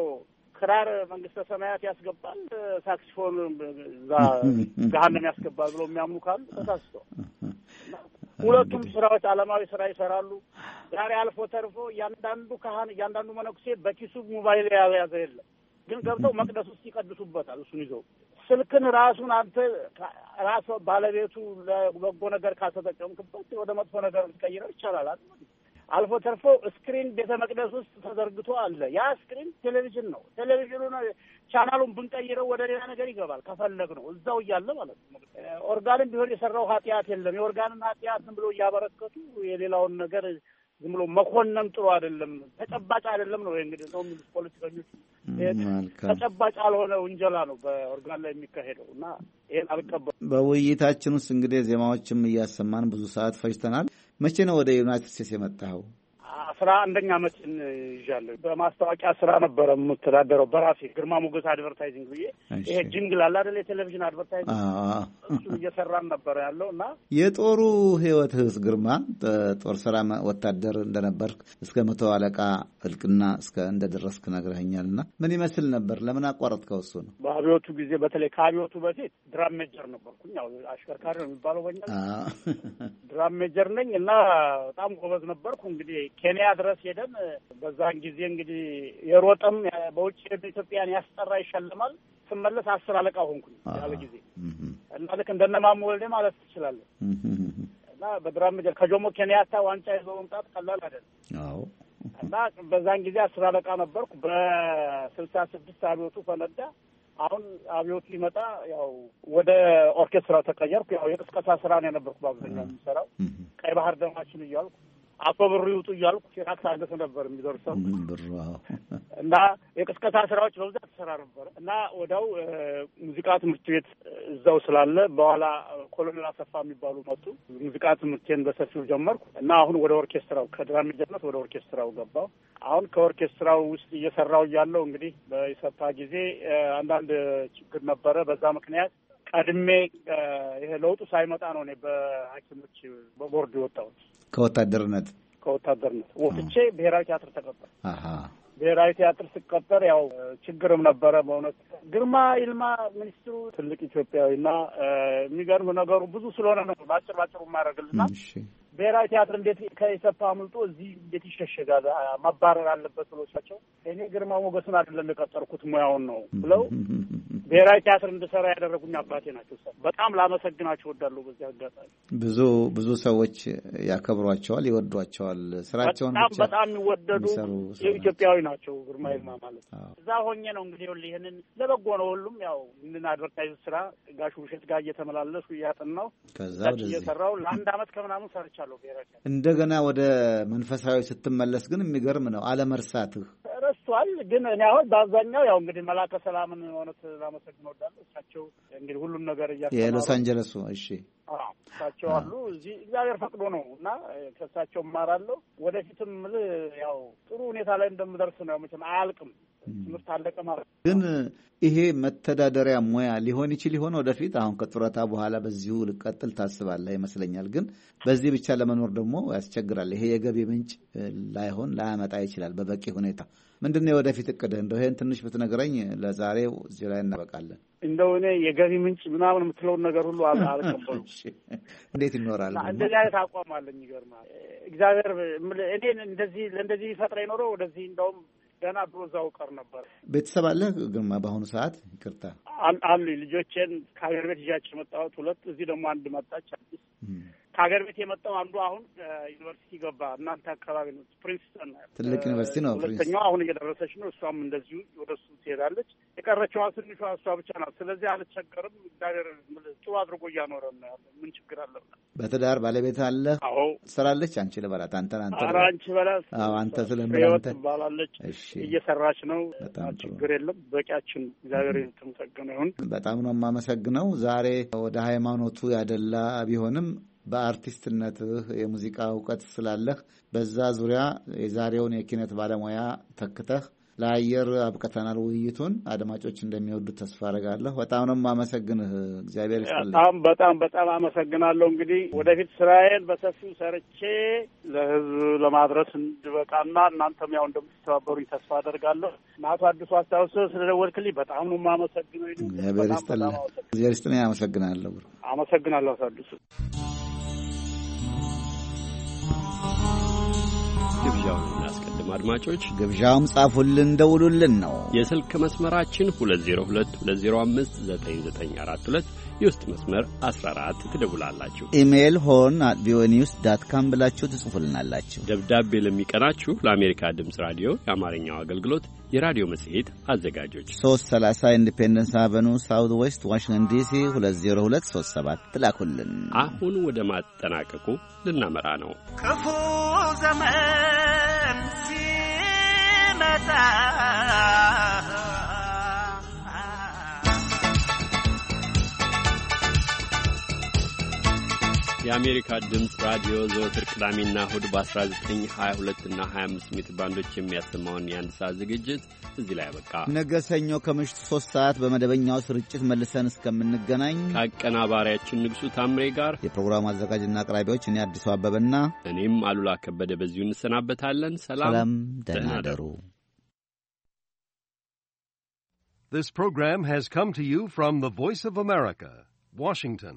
ክራር መንግስተ ሰማያት ያስገባል፣ ሳክሲፎን እዛ ገሀነም ያስገባል ብሎ የሚያምኑ ካሉ ተሳስቶ ሁለቱም ስራዎች አለማዊ ስራ ይሰራሉ። ዛሬ አልፎ ተርፎ እያንዳንዱ ካህን፣ እያንዳንዱ መነኩሴ በኪሱ ሞባይል የያዘ የለም፣ ግን ገብተው መቅደስ ውስጥ ይቀድሱበታል። እሱን ይዘው ስልክን ራሱን አንተ ራስ ባለቤቱ ለበጎ ነገር ካልተጠቀምክበት ወደ መጥፎ ነገር ልትቀይረው ይቻላል። አልፎ ተርፎ ስክሪን ቤተ መቅደስ ውስጥ ተዘርግቶ አለ። ያ ስክሪን ቴሌቪዥን ነው። ቴሌቪዥኑ ቻናሉን ብንቀይረው ወደ ሌላ ነገር ይገባል። ከፈለግ ነው እዛው እያለ ማለት ነው። ኦርጋንም ቢሆን የሰራው ኃጢአት የለም። የኦርጋንን ኃጢአት ዝም ብሎ እያበረከቱ የሌላውን ነገር ዝም ብሎ መኮነን ጥሩ አይደለም፣ ተጨባጭ አይደለም ነው እንግዲህ ሰው የሚሉት ፖለቲከኞች። ተጨባጭ ያልሆነ ውንጀላ ነው በኦርጋን ላይ የሚካሄደው እና ይህን አልቀበል። በውይይታችን ውስጥ እንግዲህ ዜማዎችም እያሰማን ብዙ ሰዓት ፈጅተናል። መቼ ነው ወደ ዩናይትድ ስቴትስ የመጣኸው? አስራ አንደኛ ዓመትን ይዣለሁ። በማስታወቂያ ስራ ነበረ የምተዳደረው በራሴ ግርማ ሞገስ አድቨርታይዚንግ ብዬ ይሄ ጅንግል አለ አይደል? የቴሌቪዥን አድቨርታይዚንግ እሱ እየሰራን ነበረ ያለው እና የጦሩ ህይወት ህስ ግርማ ጦር ስራ ወታደር እንደነበር እስከ መቶ አለቃ እልቅና እስከ እንደደረስክ ነግረኸኛል። እና ምን ይመስል ነበር? ለምን አቋረጥከው? እሱ ነው በአብዮቱ ጊዜ በተለይ ከአብዮቱ በፊት ድራም ሜጀር ነበርኩኝ። ያው አሽከርካሪ ነው የሚባለው በኛ ድራም ሜጀር ነኝ እና በጣም ጎበዝ ነበርኩ እንግዲህ ኬንያ ድረስ ሄደን በዛን ጊዜ እንግዲህ የሮጠም በውጭ ሄደ ኢትዮጵያን ያስጠራ ይሸልማል። ስመለስ አስር አለቃ ሆንኩኝ ያለ ጊዜ እና ልክ እንደነማሙ ወልዴ ማለት ትችላለን። እና በድራም ከጆሞ ኬንያታ ዋንጫ ይዞ መምጣት ቀላል አይደለም። አዎ እና በዛን ጊዜ አስር አለቃ ነበርኩ። በስልሳ ስድስት አብዮቱ ፈነዳ። አሁን አብዮቱ ሊመጣ ያው ወደ ኦርኬስትራ ተቀየርኩ። ያው የቅስቀሳ ስራ ነው የነበርኩ በአብዛኛው የሚሰራው ቀይ ባህር ደማችን እያልኩ አቶ ብሩ ይውጡ እያልኩ የታክስ አነሱ ነበር የሚደርሰው እና የቅስቀሳ ስራዎች በብዛት ተሰራ ነበር እና ወዲያው ሙዚቃ ትምህርት ቤት እዛው ስላለ በኋላ ኮሎኔል አሰፋ የሚባሉ መጡ። ሙዚቃ ትምህርቴን በሰፊው ጀመርኩ እና አሁን ወደ ኦርኬስትራው ከድራም ጀመት ወደ ኦርኬስትራው ገባው። አሁን ከኦርኬስትራው ውስጥ እየሰራው እያለው እንግዲህ በኢሰፓ ጊዜ አንዳንድ ችግር ነበረ። በዛ ምክንያት ቀድሜ ይሄ ለውጡ ሳይመጣ ነው እኔ በሐኪሞች በቦርድ የወጣሁት። ከወታደርነት ከወታደርነት ወጥቼ ብሔራዊ ቲያትር ተቀበል ብሔራዊ ቲያትር ስቀጠር ያው ችግርም ነበረ። በእውነት ግርማ ይልማ ሚኒስትሩ ትልቅ ኢትዮጵያዊና የሚገርም ነገሩ ብዙ ስለሆነ ነው በአጭር ባጭሩ የማደርግልና ብሔራዊ ቲያትር እንዴት ከኢሰፓ አምልጦ እዚህ እንዴት ይሸሸጋል? መባረር አለበት ብሎ ሲያቸው እኔ ግርማ ሞገስን አይደለም የቀጠርኩት ሙያውን ነው ብለው ብሔራዊ ቲያትር እንድሰራ ያደረጉኝ አባቴ ናቸው። በጣም ላመሰግናቸው እወዳለሁ። በዚህ አጋጣሚ ብዙ ብዙ ሰዎች ያከብሯቸዋል፣ ይወዷቸዋል። ስራቸውን በጣም በጣም የሚወደዱ የኢትዮጵያዊ ናቸው። ግርማ ይልማ ማለት ነው። እዛ ሆኜ ነው እንግዲህ ይህንን ለበጎ ነው። ሁሉም ያው ይህንን አድቨርታይዝ ስራ ጋሽ ውሸት ጋር እየተመላለሱ እያጠናው ከዛ እየሰራው ለአንድ አመት ከምናምን ሰርቻ ረስቻለሁ ብሔራችን። እንደገና ወደ መንፈሳዊ ስትመለስ ግን የሚገርም ነው አለመርሳትህ። ረስቷል ግን እኔ አሁን በአብዛኛው ያው እንግዲህ መላከ ሰላምን የሆኑት ላመሰግን ወዳለ እሳቸው እንግዲህ ሁሉን ነገር እያ የሎስ አንጀለሱ እሺ እሳቸው አሉ እዚህ እግዚአብሔር ፈቅዶ ነው እና ከእሳቸው እማራለሁ። ወደፊትም ያው ጥሩ ሁኔታ ላይ እንደምደርስ ነው መቼም አያልቅም ትምህርት አለቀ ማለት ነው። ግን ይሄ መተዳደሪያ ሙያ ሊሆን ይችል ይሆን ወደፊት? አሁን ከጡረታ በኋላ በዚሁ ልቀጥል ታስባለህ ይመስለኛል። ግን በዚህ ብቻ ለመኖር ደግሞ ያስቸግራል። ይሄ የገቢ ምንጭ ላይሆን ላያመጣ ይችላል በበቂ ሁኔታ። ምንድን ነው የወደፊት እቅድህ? እንደው ይህን ትንሽ ብትነግረኝ ለዛሬው እዚህ ላይ እናበቃለን። እንደው እኔ የገቢ ምንጭ ምናምን የምትለውን ነገር ሁሉ አልቀበሉ። እንዴት ይኖራል? እንደዚህ አይነት አቋም አለኝ። ይገርማል። እግዚአብሔር እኔን እንደዚህ ለእንደዚህ ይፈጥረ ይኖረው ወደዚህ እንደውም ደህና ብሎ እዛው ቀር ነበር። ቤተሰብ አለ ግርማ? በአሁኑ ሰዓት ይቅርታ አሉ ልጆቼን ከሀገር ቤት ይዣቸው የመጣሁት ሁለት፣ እዚህ ደግሞ አንድ መጣች አዲስ ከሀገር ቤት የመጣው አንዱ አሁን ዩኒቨርሲቲ ገባ። እናንተ አካባቢ ነው፣ ፕሪንስተን ትልቅ ዩኒቨርሲቲ ነው። ሁለተኛዋ አሁን እየደረሰች ነው። እሷም እንደዚሁ ወደ እሱ ትሄዳለች። የቀረችዋ ትንሿ እሷ ብቻ ናት። ስለዚህ አልቸገርም። እግዚአብሔር ጥሩ አድርጎ እያኖረ ነው ያለ። ምን ችግር አለ? በትዳር ባለቤት አለ። አዎ ትሰራለች። አንቺ ልበላት አንተ አንተ አንቺ በላት አንተ ስለምንተ ትባላለች። እየሰራች ነው። በጣም ችግር የለም። በቂያችን እግዚአብሔር የተመሰገነ ይሁን። በጣም ነው የማመሰግነው። ዛሬ ወደ ሃይማኖቱ ያደላ ቢሆንም በአርቲስትነትህ የሙዚቃ እውቀት ስላለህ በዛ ዙሪያ የዛሬውን የኪነት ባለሙያ ተክተህ ለአየር አብቅተናል። ውይይቱን አድማጮች እንደሚወዱት ተስፋ አደርጋለሁ። በጣም ነው የማመሰግንህ። እግዚአብሔር ይስጥልኝ። በጣም በጣም አመሰግናለሁ። እንግዲህ ወደፊት ስራዬን በሰፊው ሰርቼ ለህዝብ ለማድረስ እንድበቃና እናንተም ያው እንደምትተባበሩኝ ተስፋ አደርጋለሁ። አቶ አዲሱ አስታውስ ስለደወልክልኝ በጣም ነው የማመሰግነው። እግዚአብሔር ይስጥልኝ። እግዚአብሔር ይስጥልኝ። አመሰግናለሁ። አመሰግናለሁ አቶ አዲሱ ግብዣውን እናስቀድም አድማጮች። ግብዣውም ጻፉልን፣ ደውሉልን ነው። የስልክ መስመራችን 2022059942 የውስጥ መስመር 14 ትደውላላችሁ። ኢሜይል ሆን አት ቪኦኤ ኒውስ ዳት ካም ብላችሁ ትጽፉልናላችሁ። ደብዳቤ ለሚቀናችሁ ለአሜሪካ ድምፅ ራዲዮ የአማርኛው አገልግሎት የራዲዮ መጽሔት አዘጋጆች 330 ኢንዲፔንደንስ አቨኑ ሳውት ዌስት ዋሽንግተን ዲሲ 20237 ትላኩልን። አሁን ወደ ማጠናቀቁ ልናመራ ነው። ክፉ ዘመን ሲመጣ የአሜሪካ ድምፅ ራዲዮ ዘወትር ቅዳሜና እሁድ በ1922 እና 25 ሜትር ባንዶች የሚያሰማውን የአንድ ሰዓት ዝግጅት እዚህ ላይ ያበቃ። ነገ ሰኞ ከምሽቱ ሶስት ሰዓት በመደበኛው ስርጭት መልሰን እስከምንገናኝ ከአቀናባሪያችን ንጉሡ ታምሬ ጋር የፕሮግራሙ አዘጋጅና አቅራቢዎች እኔ አዲሱ አበበና እኔም አሉላ ከበደ በዚሁ እንሰናበታለን። ሰላም ደህና ደሩ። This program has come to you from the Voice of America, Washington.